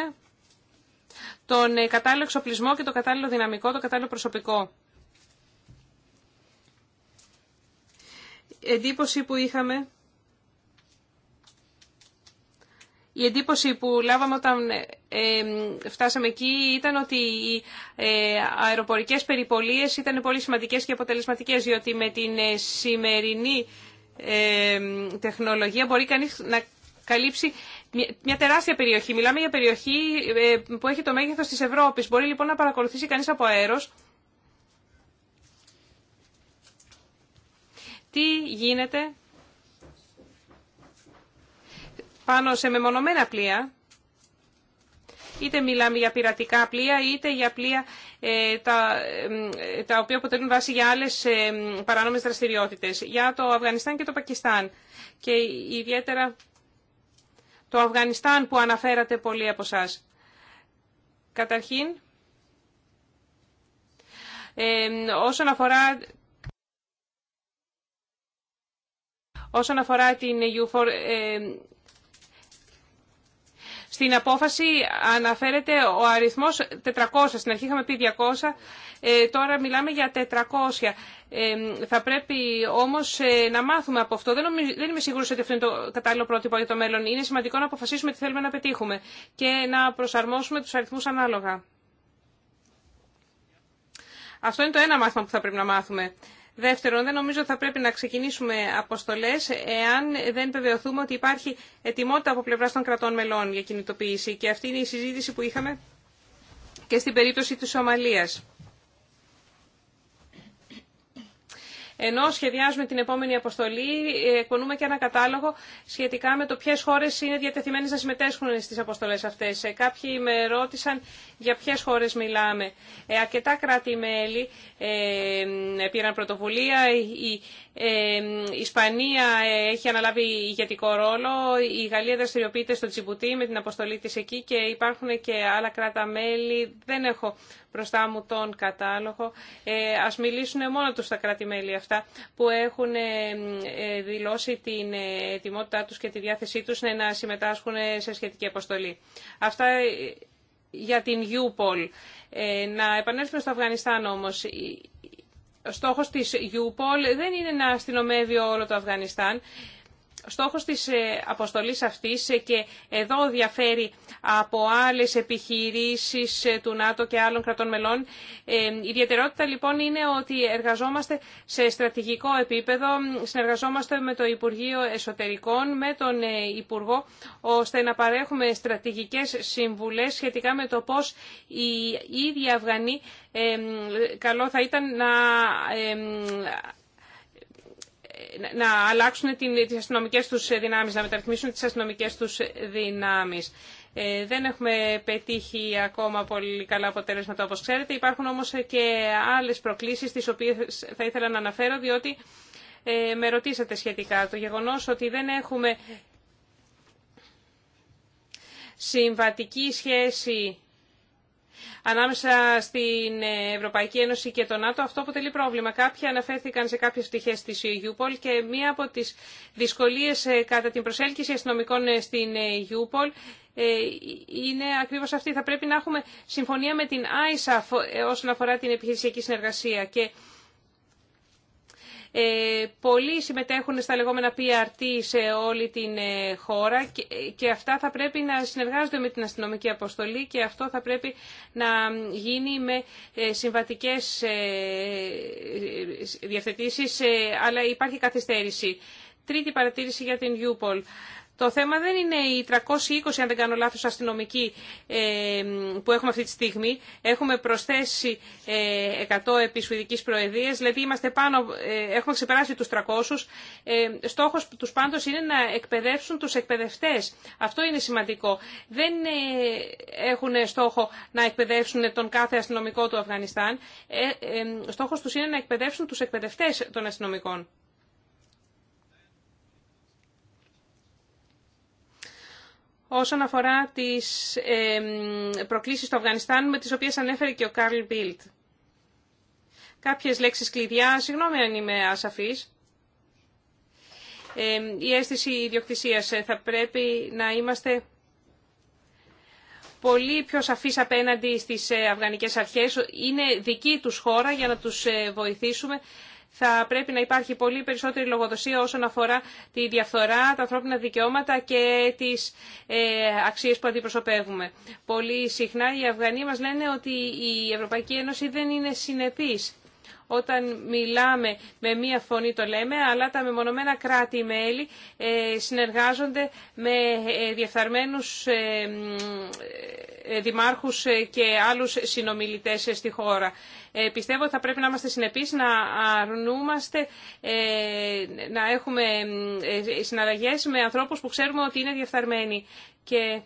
τον κατάλληλο εξοπλισμό και το κατάλληλο δυναμικό, το κατάλληλο προσωπικό. Εντύπωση που είχαμε Η εντύπωση που λάβαμε όταν ε, φτάσαμε εκεί ήταν ότι οι ε, αεροπορικές περιπολίες ήταν πολύ σημαντικές και αποτελεσματικές, διότι με την ε, σημερινή τεχνολογία μπορεί κανείς να καλύψει μια τεράστια περιοχή. Μιλάμε για περιοχή που έχει το μέγεθος της Ευρώπης. Μπορεί λοιπόν να παρακολουθήσει κανείς από αέρος τι γίνεται πάνω σε μεμονωμένα πλοία. Είτε μιλάμε για πειρατικά πλοία, είτε για πλοία ε, τα, ε, τα οποία αποτελούν βάση για άλλες ε, παράνομες δραστηριότητες. Για το Αφγανιστάν και το Πακιστάν. Και ιδιαίτερα το Αφγανιστάν που αναφέρατε πολλοί από εσά. Καταρχήν, ε, όσον αφορά... Όσον αφορά την EU4, στην απόφαση αναφέρεται ο αριθμός 400. Στην αρχή είχαμε πει 200, ε, τώρα μιλάμε για 400. Ε, θα πρέπει όμως ε, να μάθουμε από αυτό. Δεν είμαι σίγουρος ότι αυτό είναι το κατάλληλο πρότυπο για το μέλλον. Είναι σημαντικό να αποφασίσουμε τι θέλουμε να πετύχουμε και να προσαρμόσουμε τους αριθμούς ανάλογα. Αυτό είναι το ένα μάθημα που θα πρέπει να μάθουμε. Δεύτερον, δεν νομίζω ότι θα πρέπει να ξεκινήσουμε αποστολέ εάν δεν βεβαιωθούμε ότι υπάρχει ετοιμότητα από πλευρά των κρατών μελών για κινητοποίηση. Και αυτή είναι η συζήτηση που είχαμε και στην περίπτωση τη Σομαλίας. Ενώ σχεδιάζουμε την επόμενη αποστολή, ε, εκπονούμε και ένα κατάλογο σχετικά με το ποιε χώρε είναι διατεθειμένε να συμμετέσχουν στι αποστολέ αυτέ. Ε, κάποιοι με ρώτησαν για ποιε χώρε μιλάμε. Ε, αρκετά κράτη-μέλη πήραν πρωτοβουλία. Η Ισπανία έχει αναλάβει ηγετικό ρόλο. Η Γαλλία δραστηριοποιείται στο Τσιμπουτί με την αποστολή τη εκεί και υπάρχουν και άλλα κράτα-μέλη. Δεν έχω μπροστά μου τον κατάλογο. Ε, ας μιλήσουν μόνο τους τα κράτη-μέλη αυτά που έχουν ε, ε, δηλώσει την ε, ετοιμότητά τους και τη διάθεσή τους ναι, να συμμετάσχουν σε σχετική αποστολή. Αυτά για την UPOL. να επανέλθουμε στο Αφγανιστάν όμως. Ο στόχος της UPOL δεν είναι να αστυνομεύει όλο το Αφγανιστάν στόχος της ε, αποστολής αυτής ε, και εδώ διαφέρει από άλλες επιχειρήσεις ε, του ΝΑΤΟ και άλλων κρατών μελών. Η ιδιαιτερότητα λοιπόν είναι ότι εργαζόμαστε σε στρατηγικό επίπεδο, συνεργαζόμαστε με το Υπουργείο Εσωτερικών, με τον Υπουργό, ώστε να παρέχουμε στρατηγικές συμβουλές σχετικά με το πώς οι ίδιοι Αφγανοί καλό θα ήταν να να αλλάξουν τις αστυνομικές τους δυνάμεις, να μεταρρυθμίσουν τις αστυνομικές τους δυνάμεις. Ε, δεν έχουμε πετύχει ακόμα πολύ καλά αποτέλεσματα όπως ξέρετε. Υπάρχουν όμως και άλλες προκλήσεις τις οποίες θα ήθελα να αναφέρω διότι ε, με ρωτήσατε σχετικά. Το γεγονός ότι δεν έχουμε συμβατική σχέση ανάμεσα στην ε, Ευρωπαϊκή Ένωση και το ΝΑΤΟ, αυτό αποτελεί πρόβλημα. Κάποιοι αναφέρθηκαν σε κάποιες πτυχέ της EUPOL ε, και μία από τις δυσκολίες ε, κατά την προσέλκυση αστυνομικών στην EUPOL είναι ακριβώς αυτή. Θα πρέπει να έχουμε συμφωνία με την ISAF όσον αφορά την επιχειρησιακή συνεργασία και ε, πολλοί συμμετέχουν στα λεγόμενα PRT σε όλη την ε, χώρα ε, και αυτά θα πρέπει να συνεργάζονται με την αστυνομική αποστολή και αυτό θα πρέπει να γίνει με συμβατικές διευθετήσεις, αλλά υπάρχει καθυστέρηση. Τρίτη παρατήρηση για την UPOL. Το θέμα δεν είναι οι 320, αν δεν κάνω λάθος, αστυνομικοί ε, που έχουμε αυτή τη στιγμή. Έχουμε προσθέσει 100 ε, επί Σουηδικής Προεδρίας, δηλαδή είμαστε πάνω, ε, έχουμε ξεπεράσει τους 300. Στόχος τους πάντως είναι να εκπαιδεύσουν τους εκπαιδευτές. Αυτό είναι σημαντικό. Δεν έχουν στόχο να εκπαιδεύσουν τον κάθε αστυνομικό του Αφγανιστάν. Στόχος τους είναι να εκπαιδεύσουν τους εκπαιδευτές των αστυνομικών. όσον αφορά τις προκλήσεις του Αφγανιστάν με τις οποίες ανέφερε και ο Κάρλ Μπίλτ. Κάποιες λέξεις κλειδιά, συγγνώμη αν είμαι ασαφής. Η αίσθηση ιδιοκτησίας ε, θα πρέπει να είμαστε πολύ πιο σαφείς απέναντι στις ε, αφγανικές αρχές. Είναι δική τους χώρα για να τους ε, βοηθήσουμε θα πρέπει να υπάρχει πολύ περισσότερη λογοδοσία όσον αφορά τη διαφθορά, τα ανθρώπινα δικαιώματα και τις ε, αξίες που αντιπροσωπεύουμε. Πολύ συχνά οι Αφγανοί μας λένε ότι η Ευρωπαϊκή Ένωση δεν είναι συνεπής. Όταν μιλάμε με μία φωνή το λέμε, αλλά τα μεμονωμένα κράτη-μέλη ε, συνεργάζονται με ε, ε, ε δημάρχους και άλλους συνομιλητές στη χώρα. Πιστεύω ότι θα πρέπει να είμαστε συνεπείς, να αρνούμαστε, να έχουμε συναλλαγές με ανθρώπους που ξέρουμε ότι είναι διεφθαρμένοι. Και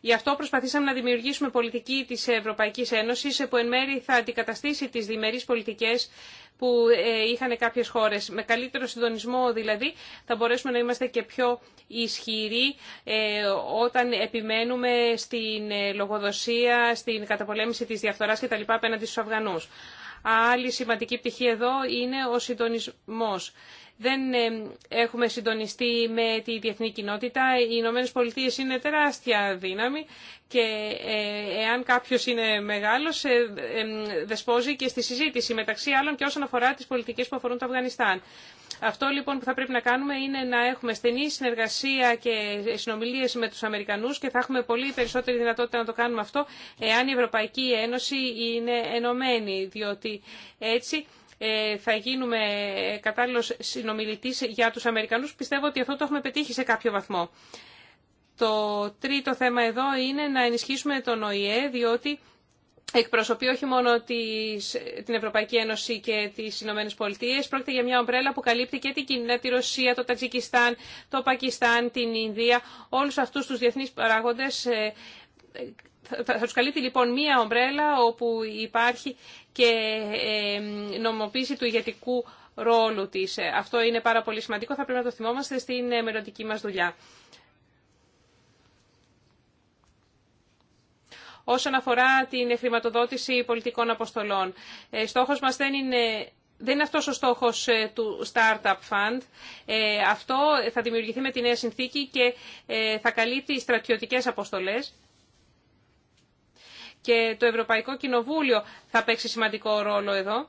Γι' αυτό προσπαθήσαμε να δημιουργήσουμε πολιτική της Ευρωπαϊκής Ένωση που εν μέρη θα αντικαταστήσει τις διμερεί πολιτικές που ε, είχαν κάποιες χώρε. Με καλύτερο συντονισμό δηλαδή θα μπορέσουμε να είμαστε και πιο ισχυροί ε, όταν επιμένουμε στην ε, λογοδοσία, στην καταπολέμηση της διαφθοράς κτλ. απέναντι στου Αφγανού. Άλλη σημαντική πτυχή εδώ είναι ο συντονισμός δεν ε, έχουμε συντονιστεί με τη διεθνή κοινότητα. Οι Ηνωμένε Πολιτείε είναι τεράστια δύναμη και ε, εάν κάποιο είναι μεγάλο, ε, δεσπόζει και στη συζήτηση μεταξύ άλλων και όσον αφορά τι πολιτικέ που αφορούν το Αφγανιστάν. Αυτό λοιπόν που θα πρέπει να κάνουμε είναι να έχουμε στενή συνεργασία και συνομιλίε με του Αμερικανού και θα έχουμε πολύ περισσότερη δυνατότητα να το κάνουμε αυτό εάν η Ευρωπαϊκή Ένωση είναι ενωμένη, διότι έτσι ε, θα γίνουμε κατάλληλο συνομιλητής για τους Αμερικανούς. Πιστεύω ότι αυτό το έχουμε πετύχει σε κάποιο βαθμό. Το τρίτο θέμα εδώ είναι να ενισχύσουμε τον ΟΗΕ, διότι εκπροσωπεί όχι μόνο τις, την Ευρωπαϊκή Ένωση και τις Ηνωμένες Πολιτείες, πρόκειται για μια ομπρέλα που καλύπτει και την Κίνα, τη Ρωσία, το Τατζικιστάν, το Πακιστάν, την Ινδία, όλους αυτούς τους διεθνείς παράγοντες ε, θα τους καλύπτει λοιπόν μία ομπρέλα όπου υπάρχει και ε, νομοποίηση του ηγετικού ρόλου της. Ε, αυτό είναι πάρα πολύ σημαντικό, θα πρέπει να το θυμόμαστε στην ε, μελλοντική μας δουλειά. Όσον αφορά την χρηματοδότηση πολιτικών αποστολών, στόχος μας δεν είναι... Δεν είναι αυτός ο στόχος του Startup Fund. αυτό θα δημιουργηθεί με τη νέα συνθήκη και θα καλύπτει στρατιωτικές αποστολές και το Ευρωπαϊκό Κοινοβούλιο θα παίξει σημαντικό ρόλο εδώ.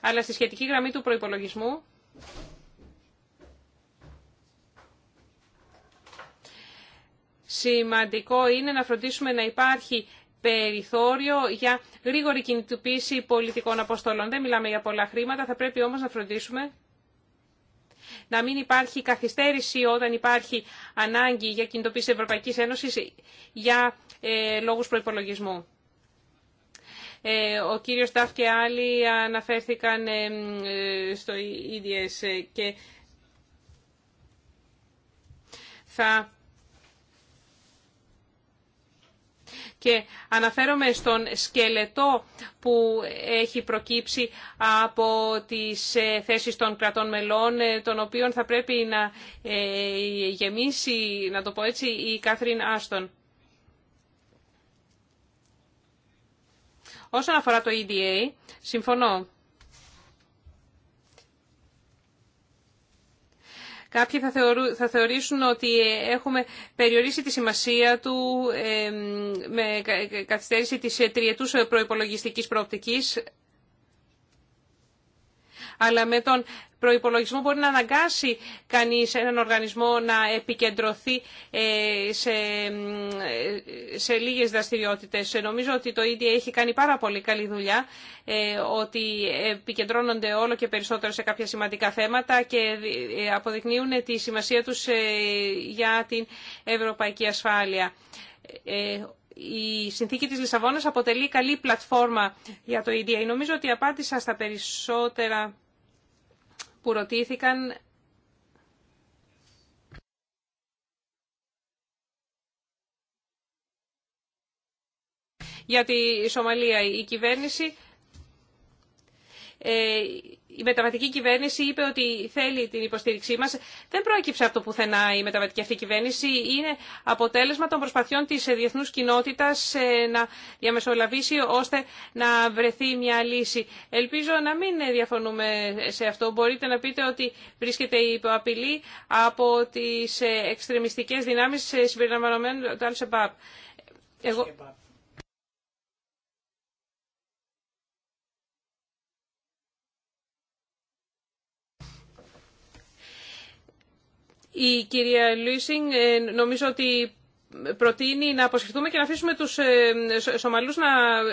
Αλλά στη σχετική γραμμή του προϋπολογισμού σημαντικό είναι να φροντίσουμε να υπάρχει περιθώριο για γρήγορη κινητοποίηση πολιτικών αποστολών. Δεν μιλάμε για πολλά χρήματα, θα πρέπει όμως να φροντίσουμε να μην υπάρχει καθυστέρηση όταν υπάρχει ανάγκη για κινητοποίηση Ευρωπαϊκής Ένωσης για ε, λόγους προϋπολογισμού. Ε, ο κύριος Στάφ και άλλοι αναφέρθηκαν ε, ε, στο EDS και θα Και αναφέρομαι στον σκελετό που έχει προκύψει από τις ε, θέσεις των κρατών μελών, ε, των οποίων θα πρέπει να ε, γεμίσει, να το πω έτσι, η Κάθριν Άστον. Όσον αφορά το EDA, συμφωνώ. Κάποιοι θα, θεωρού, θα θεωρήσουν ότι έχουμε περιορίσει τη σημασία του με καθυστέρηση της τριετούς προϋπολογιστικής προοπτικής αλλά με τον προϋπολογισμό μπορεί να αναγκάσει κανείς έναν οργανισμό να επικεντρωθεί ε, σε, ε, σε λίγες δραστηριότητες. Νομίζω ότι το ίδιο e έχει κάνει πάρα πολύ καλή δουλειά, ε, ότι επικεντρώνονται όλο και περισσότερο σε κάποια σημαντικά θέματα και αποδεικνύουν τη σημασία τους για την ευρωπαϊκή ασφάλεια. Η συνθήκη της Λισαβόνας αποτελεί καλή πλατφόρμα για το EDA. Νομίζω ότι απάντησα στα περισσότερα που ρωτήθηκαν για τη Σομαλία. Η κυβέρνηση ε, η μεταβατική κυβέρνηση είπε ότι θέλει την υποστήριξή μας. Δεν προέκυψε από το πουθενά η μεταβατική αυτή κυβέρνηση. Είναι αποτέλεσμα των προσπαθειών της διεθνούς κοινότητας ε, να διαμεσολαβήσει ώστε να βρεθεί μια λύση. Ελπίζω να μην διαφωνούμε σε αυτό. Μπορείτε να πείτε ότι βρίσκεται υπό απειλή από τις ε, εξτρεμιστικές δυνάμεις συμπεριλαμβανομένου του Αλσεμπάπ. Εγώ... Η κυρία Λούισινγκ ε, νομίζω ότι προτείνει να αποσυρθούμε και να αφήσουμε τους ε, Σομαλούς να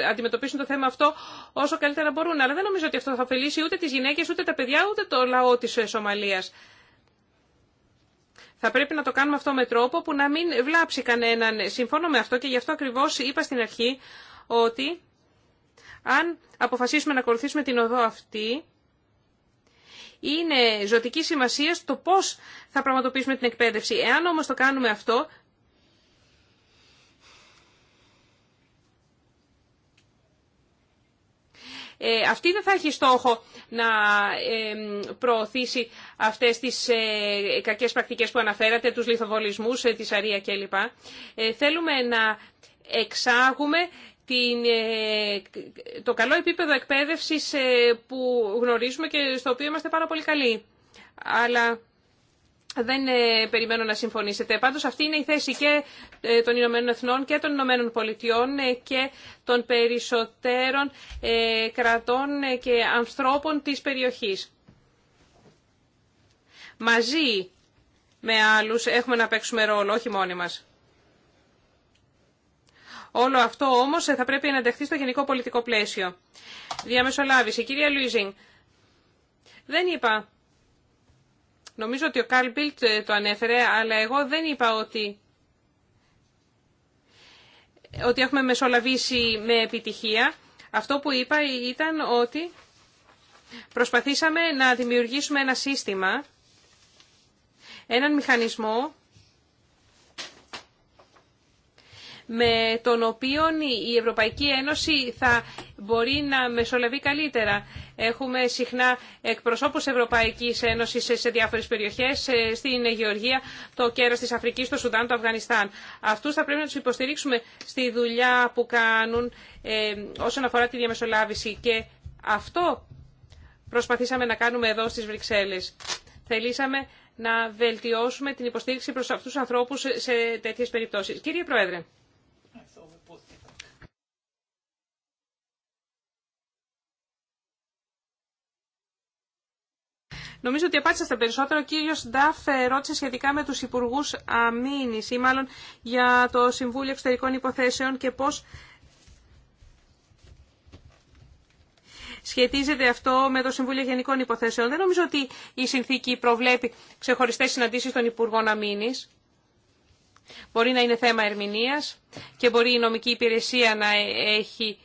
αντιμετωπίσουν το θέμα αυτό όσο καλύτερα μπορούν. Αλλά δεν νομίζω ότι αυτό θα ωφελήσει ούτε τις γυναίκες, ούτε τα παιδιά, ούτε το λαό της ε, Σομαλίας. Θα πρέπει να το κάνουμε αυτό με τρόπο που να μην βλάψει κανέναν. Συμφώνω με αυτό και γι' αυτό ακριβώς είπα στην αρχή ότι αν αποφασίσουμε να ακολουθήσουμε την οδό αυτή, είναι ζωτική σημασία το πώς θα πραγματοποιήσουμε την εκπαίδευση. Εάν όμως το κάνουμε αυτό, Ε, αυτή δεν θα έχει στόχο να προωθήσει αυτές τις ε, κακές πρακτικές που αναφέρατε, τους λιθοβολισμούς, ε, τη σαρία κλπ. Ε, θέλουμε να εξάγουμε ε, το καλό επίπεδο εκπαίδευσης ε, που γνωρίζουμε και στο οποίο είμαστε πάρα πολύ καλοί. Αλλά δεν ε, περιμένω να συμφωνήσετε. Πάντως αυτή είναι η θέση και των Ηνωμένων Εθνών και των Ηνωμένων Πολιτειών και των περισσότερων κρατών και ανθρώπων της περιοχής. Μαζί με άλλους έχουμε να παίξουμε ρόλο, όχι μόνοι μας. Όλο αυτό όμως θα πρέπει να ενταχθεί στο γενικό πολιτικό πλαίσιο. Διαμεσολάβηση. Κυρία Λουίζινγκ, δεν είπα... Νομίζω ότι ο Καρλ ε, το ανέφερε, αλλά εγώ δεν είπα ότι ότι έχουμε μεσολαβήσει με επιτυχία. Αυτό που είπα ήταν ότι προσπαθήσαμε να δημιουργήσουμε ένα σύστημα, έναν μηχανισμό με τον οποίο η Ευρωπαϊκή Ένωση θα μπορεί να μεσολαβεί καλύτερα. Έχουμε συχνά εκπροσώπους Ευρωπαϊκής Ένωσης σε διάφορες περιοχές, στην Γεωργία, το κέρας της Αφρικής, το Σουδάν, το Αφγανιστάν. Αυτούς θα πρέπει να τους υποστηρίξουμε στη δουλειά που κάνουν ε, όσον αφορά τη διαμεσολάβηση και αυτό προσπαθήσαμε να κάνουμε εδώ στις Βρυξέλλες. Θελήσαμε να βελτιώσουμε την υποστήριξη προς αυτούς τους ανθρώπους σε τέτοιες περιπτώσεις. Κύριε Πρόεδρε, Νομίζω ότι απάντησα περισσότερο. Ο κύριο Νταφ ρώτησε σχετικά με του υπουργού αμήνη ή μάλλον για το Συμβούλιο Εξωτερικών Υποθέσεων και πώ σχετίζεται αυτό με το Συμβούλιο Γενικών Υποθέσεων. Δεν νομίζω ότι η συνθήκη προβλέπει ξεχωριστέ συναντήσει των Υπουργών Αμήνη. Μπορεί να είναι θέμα ερμηνεία και μπορεί η νομική υπηρεσία να έχει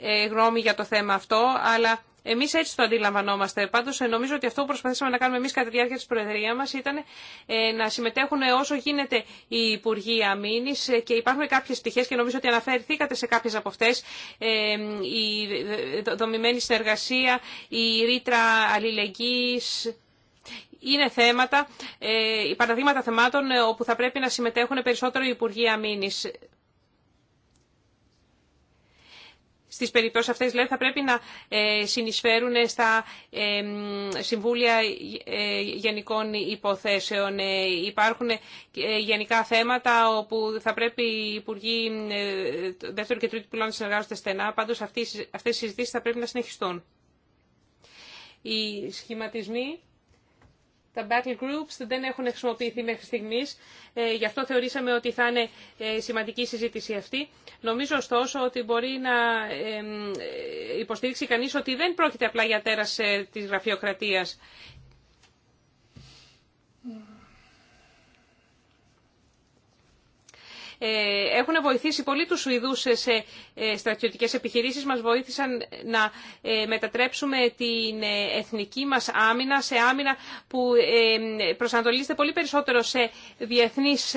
ε, γνώμη για το θέμα αυτό, αλλά Εμεί έτσι το αντιλαμβανόμαστε. Πάντω ε, νομίζω ότι αυτό που προσπαθήσαμε να κάνουμε εμεί κατά τη διάρκεια τη Προεδρία μα ήταν ε, να συμμετέχουν όσο γίνεται οι Υπουργοί Αμήνης ε, και υπάρχουν κάποιε πτυχέ, και νομίζω ότι αναφέρθηκατε σε κάποιε από Ε, Η δομημένη συνεργασία, η ρήτρα αλληλεγγύη είναι θέματα, ε, παραδείγματα θεμάτων όπου θα πρέπει να συμμετέχουν περισσότερο οι Υπουργοί Αμήνης. στις περιπτώσεις αυτές δηλαδή θα πρέπει να ε, συνεισφέρουν στα ε, Συμβούλια ε, Γενικών Υποθέσεων. Υπάρχουν γενικά θέματα όπου θα πρέπει οι Υπουργοί δεύτερου και τρίτου πυλών να συνεργάζονται στενά. Πάντως αυτέ οι συζητήσεις θα πρέπει να συνεχιστούν. Οι σχηματισμοί τα battle groups δεν έχουν χρησιμοποιηθεί μέχρι στιγμή, ε, γι' αυτό θεωρήσαμε ότι θα είναι ε, σημαντική συζήτηση αυτή. Νομίζω ωστόσο ότι μπορεί να ε, υποστηρίξει κανείς ότι δεν πρόκειται απλά για τέρας της γραφειοκρατίας. Ε, έχουν βοηθήσει πολύ τους Σουηδούς σε ε, στρατιωτικές επιχειρήσεις. Μας βοήθησαν να ε, μετατρέψουμε την εθνική μας άμυνα σε άμυνα που προσανατολίζεται πολύ περισσότερο σε διεθνείς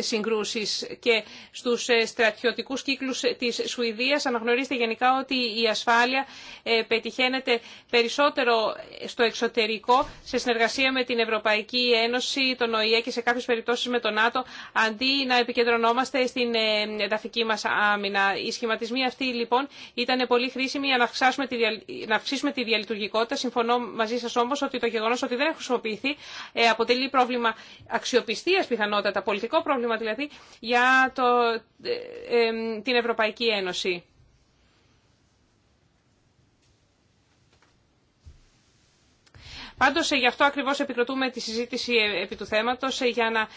συγκρούσεις και στους στρατιωτικούς κύκλους της Σουηδίας. Αναγνωρίζεται γενικά ότι η ασφάλεια πετυχαίνεται περισσότερο στο εξωτερικό σε συνεργασία με την Ευρωπαϊκή Ένωση, τον ΟΗΕ και σε κάποιες περιπτώσεις με τον ΝΑΤΟ επικεντρωνόμαστε στην ε, εδαφική μα άμυνα. Οι σχηματισμοί αυτοί λοιπόν ήταν πολύ χρήσιμοι για να, τη αυξήσουμε τη διαλειτουργικότητα. Συμφωνώ μαζί σας όμω, ότι το γεγονό ότι δεν έχουν χρησιμοποιηθεί ε, αποτελεί πρόβλημα αξιοπιστίας πιθανότατα, πολιτικό πρόβλημα δηλαδή, για το... Ε, την Ευρωπαϊκή Ένωση. Πάντω ε, γι' αυτό ακριβώς επικροτούμε τη συζήτηση ε, επί του θέματος ε, για να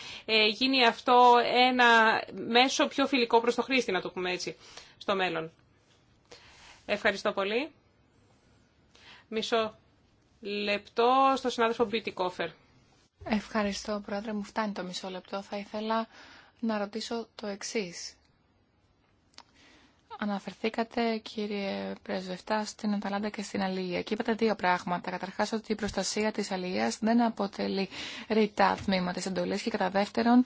γίνει αυτό ένα μέσο πιο φιλικό προς το χρήστη, να το πούμε έτσι, στο μέλλον. Ευχαριστώ πολύ. Μισό λεπτό στο συνάδελφο Μπίτι Ευχαριστώ, Πρόεδρε. Μου φτάνει το μισό λεπτό. Θα ήθελα να ρωτήσω το εξής. Αναφερθήκατε, κύριε Πρεσβευτά, στην Αταλάντα και στην Αλία και είπατε δύο πράγματα. Καταρχάς ότι η προστασία της Αλλίας δεν αποτελεί ρητά τμήμα τη εντολής και κατά δεύτερον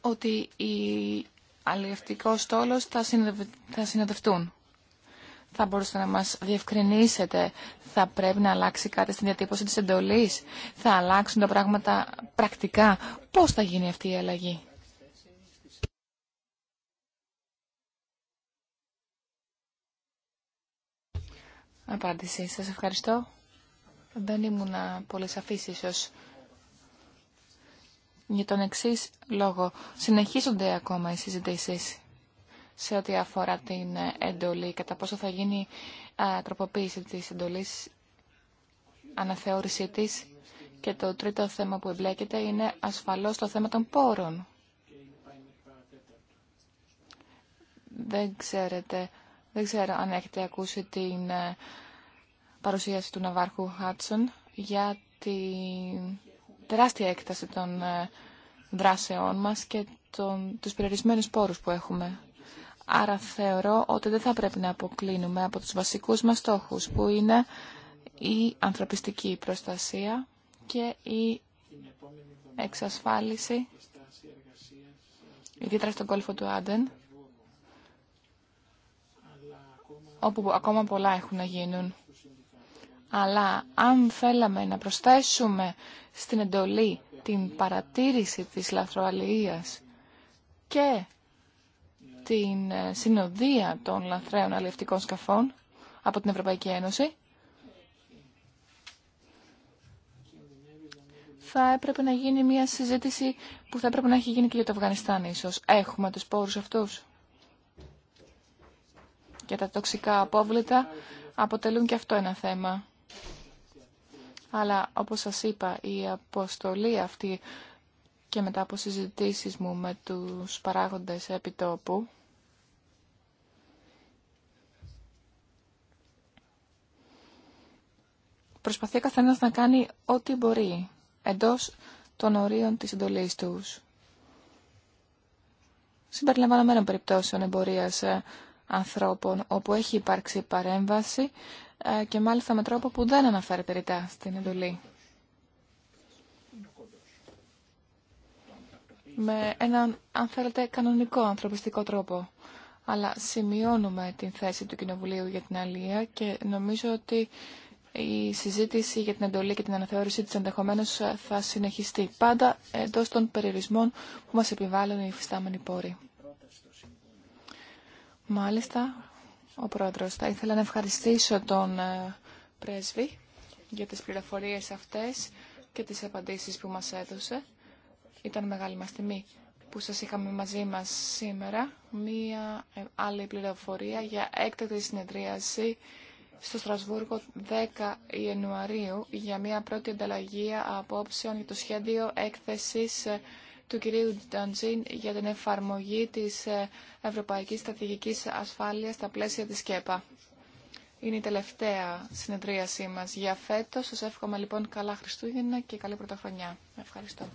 ότι οι αλλιευτικό στόλο θα, θα συνοδευτούν. Θα μπορούσατε να μας διευκρινίσετε, θα πρέπει να αλλάξει κάτι στην διατύπωση της εντολής, θα αλλάξουν τα πράγματα πρακτικά. Πώς θα γίνει αυτή η αλλαγή. απάντηση. Σας ευχαριστώ. Δεν ήμουν πολύ σαφής ίσως για τον εξή λόγο. Συνεχίζονται ακόμα οι συζητήσει σε ό,τι αφορά την ε, εντολή, κατά πόσο θα γίνει α, τροποποίηση της εντολής, αναθεώρησή της. Και το τρίτο θέμα που εμπλέκεται είναι ασφαλώς το θέμα των πόρων. Δεν ξέρετε δεν ξέρω αν έχετε ακούσει την ε, παρουσίαση του Ναβάρχου Χάτσον για την τεράστια έκταση των ε, δράσεών μας και των, τους περιορισμένους πόρους που έχουμε. Άρα θεωρώ ότι δεν θα πρέπει να αποκλίνουμε από τους βασικούς μας στόχους που είναι η ανθρωπιστική προστασία και η εξασφάλιση ιδιαίτερα στον κόλφο του Άντεν όπου ακόμα πολλά έχουν να γίνουν. Αλλά αν θέλαμε να προσθέσουμε στην εντολή την παρατήρηση της λαθροαλληλίας και την ε, συνοδεία των λαθρέων αλληλευτικών σκαφών από την Ευρωπαϊκή Ένωση, θα έπρεπε να γίνει μια συζήτηση που θα έπρεπε να έχει γίνει και για το Αφγανιστάν ίσως. Έχουμε τους πόρους αυτούς και τα τοξικά απόβλητα αποτελούν και αυτό ένα θέμα. Αλλά όπως σας είπα, η αποστολή αυτή και μετά από συζητήσεις μου με τους παράγοντες επιτόπου προσπαθεί καθένα να κάνει ό,τι μπορεί εντός των ορίων της εντολής τους. Συμπεριλαμβανομένων περιπτώσεων εμπορίας ε, ανθρώπων όπου έχει υπάρξει παρέμβαση ε, και μάλιστα με τρόπο που δεν αναφέρεται ρητά στην εντολή. Με έναν, αν θέλετε, κανονικό ανθρωπιστικό τρόπο. Αλλά σημειώνουμε την θέση του Κοινοβουλίου για την Αλία και νομίζω ότι η συζήτηση για την εντολή και την αναθεώρηση της ενδεχομένω ε, θα συνεχιστεί πάντα εντό των περιορισμών που μας επιβάλλουν οι υφιστάμενοι πόροι. Μάλιστα, ο Πρόεδρος, θα ήθελα να ευχαριστήσω τον ε, πρέσβη για τις πληροφορίες αυτές και τις απαντήσεις που μας έδωσε. Ήταν μεγάλη μας τιμή που σας είχαμε μαζί μας σήμερα. Μία ε, άλλη πληροφορία για έκτακτη συνεδρίαση στο Στρασβούργο 10 Ιανουαρίου για μία πρώτη ανταλλαγή απόψεων για το σχέδιο έκθεσης ε, του κυρίου Τζαντζίν για την εφαρμογή της ε, Ευρωπαϊκής Στρατηγικής Ασφάλειας στα πλαίσια της ΚΕΠΑ. Είναι η τελευταία συνεδρίασή μας για φέτος. Σας εύχομαι λοιπόν καλά Χριστούγεννα και καλή Πρωτοχρονιά. Ευχαριστώ.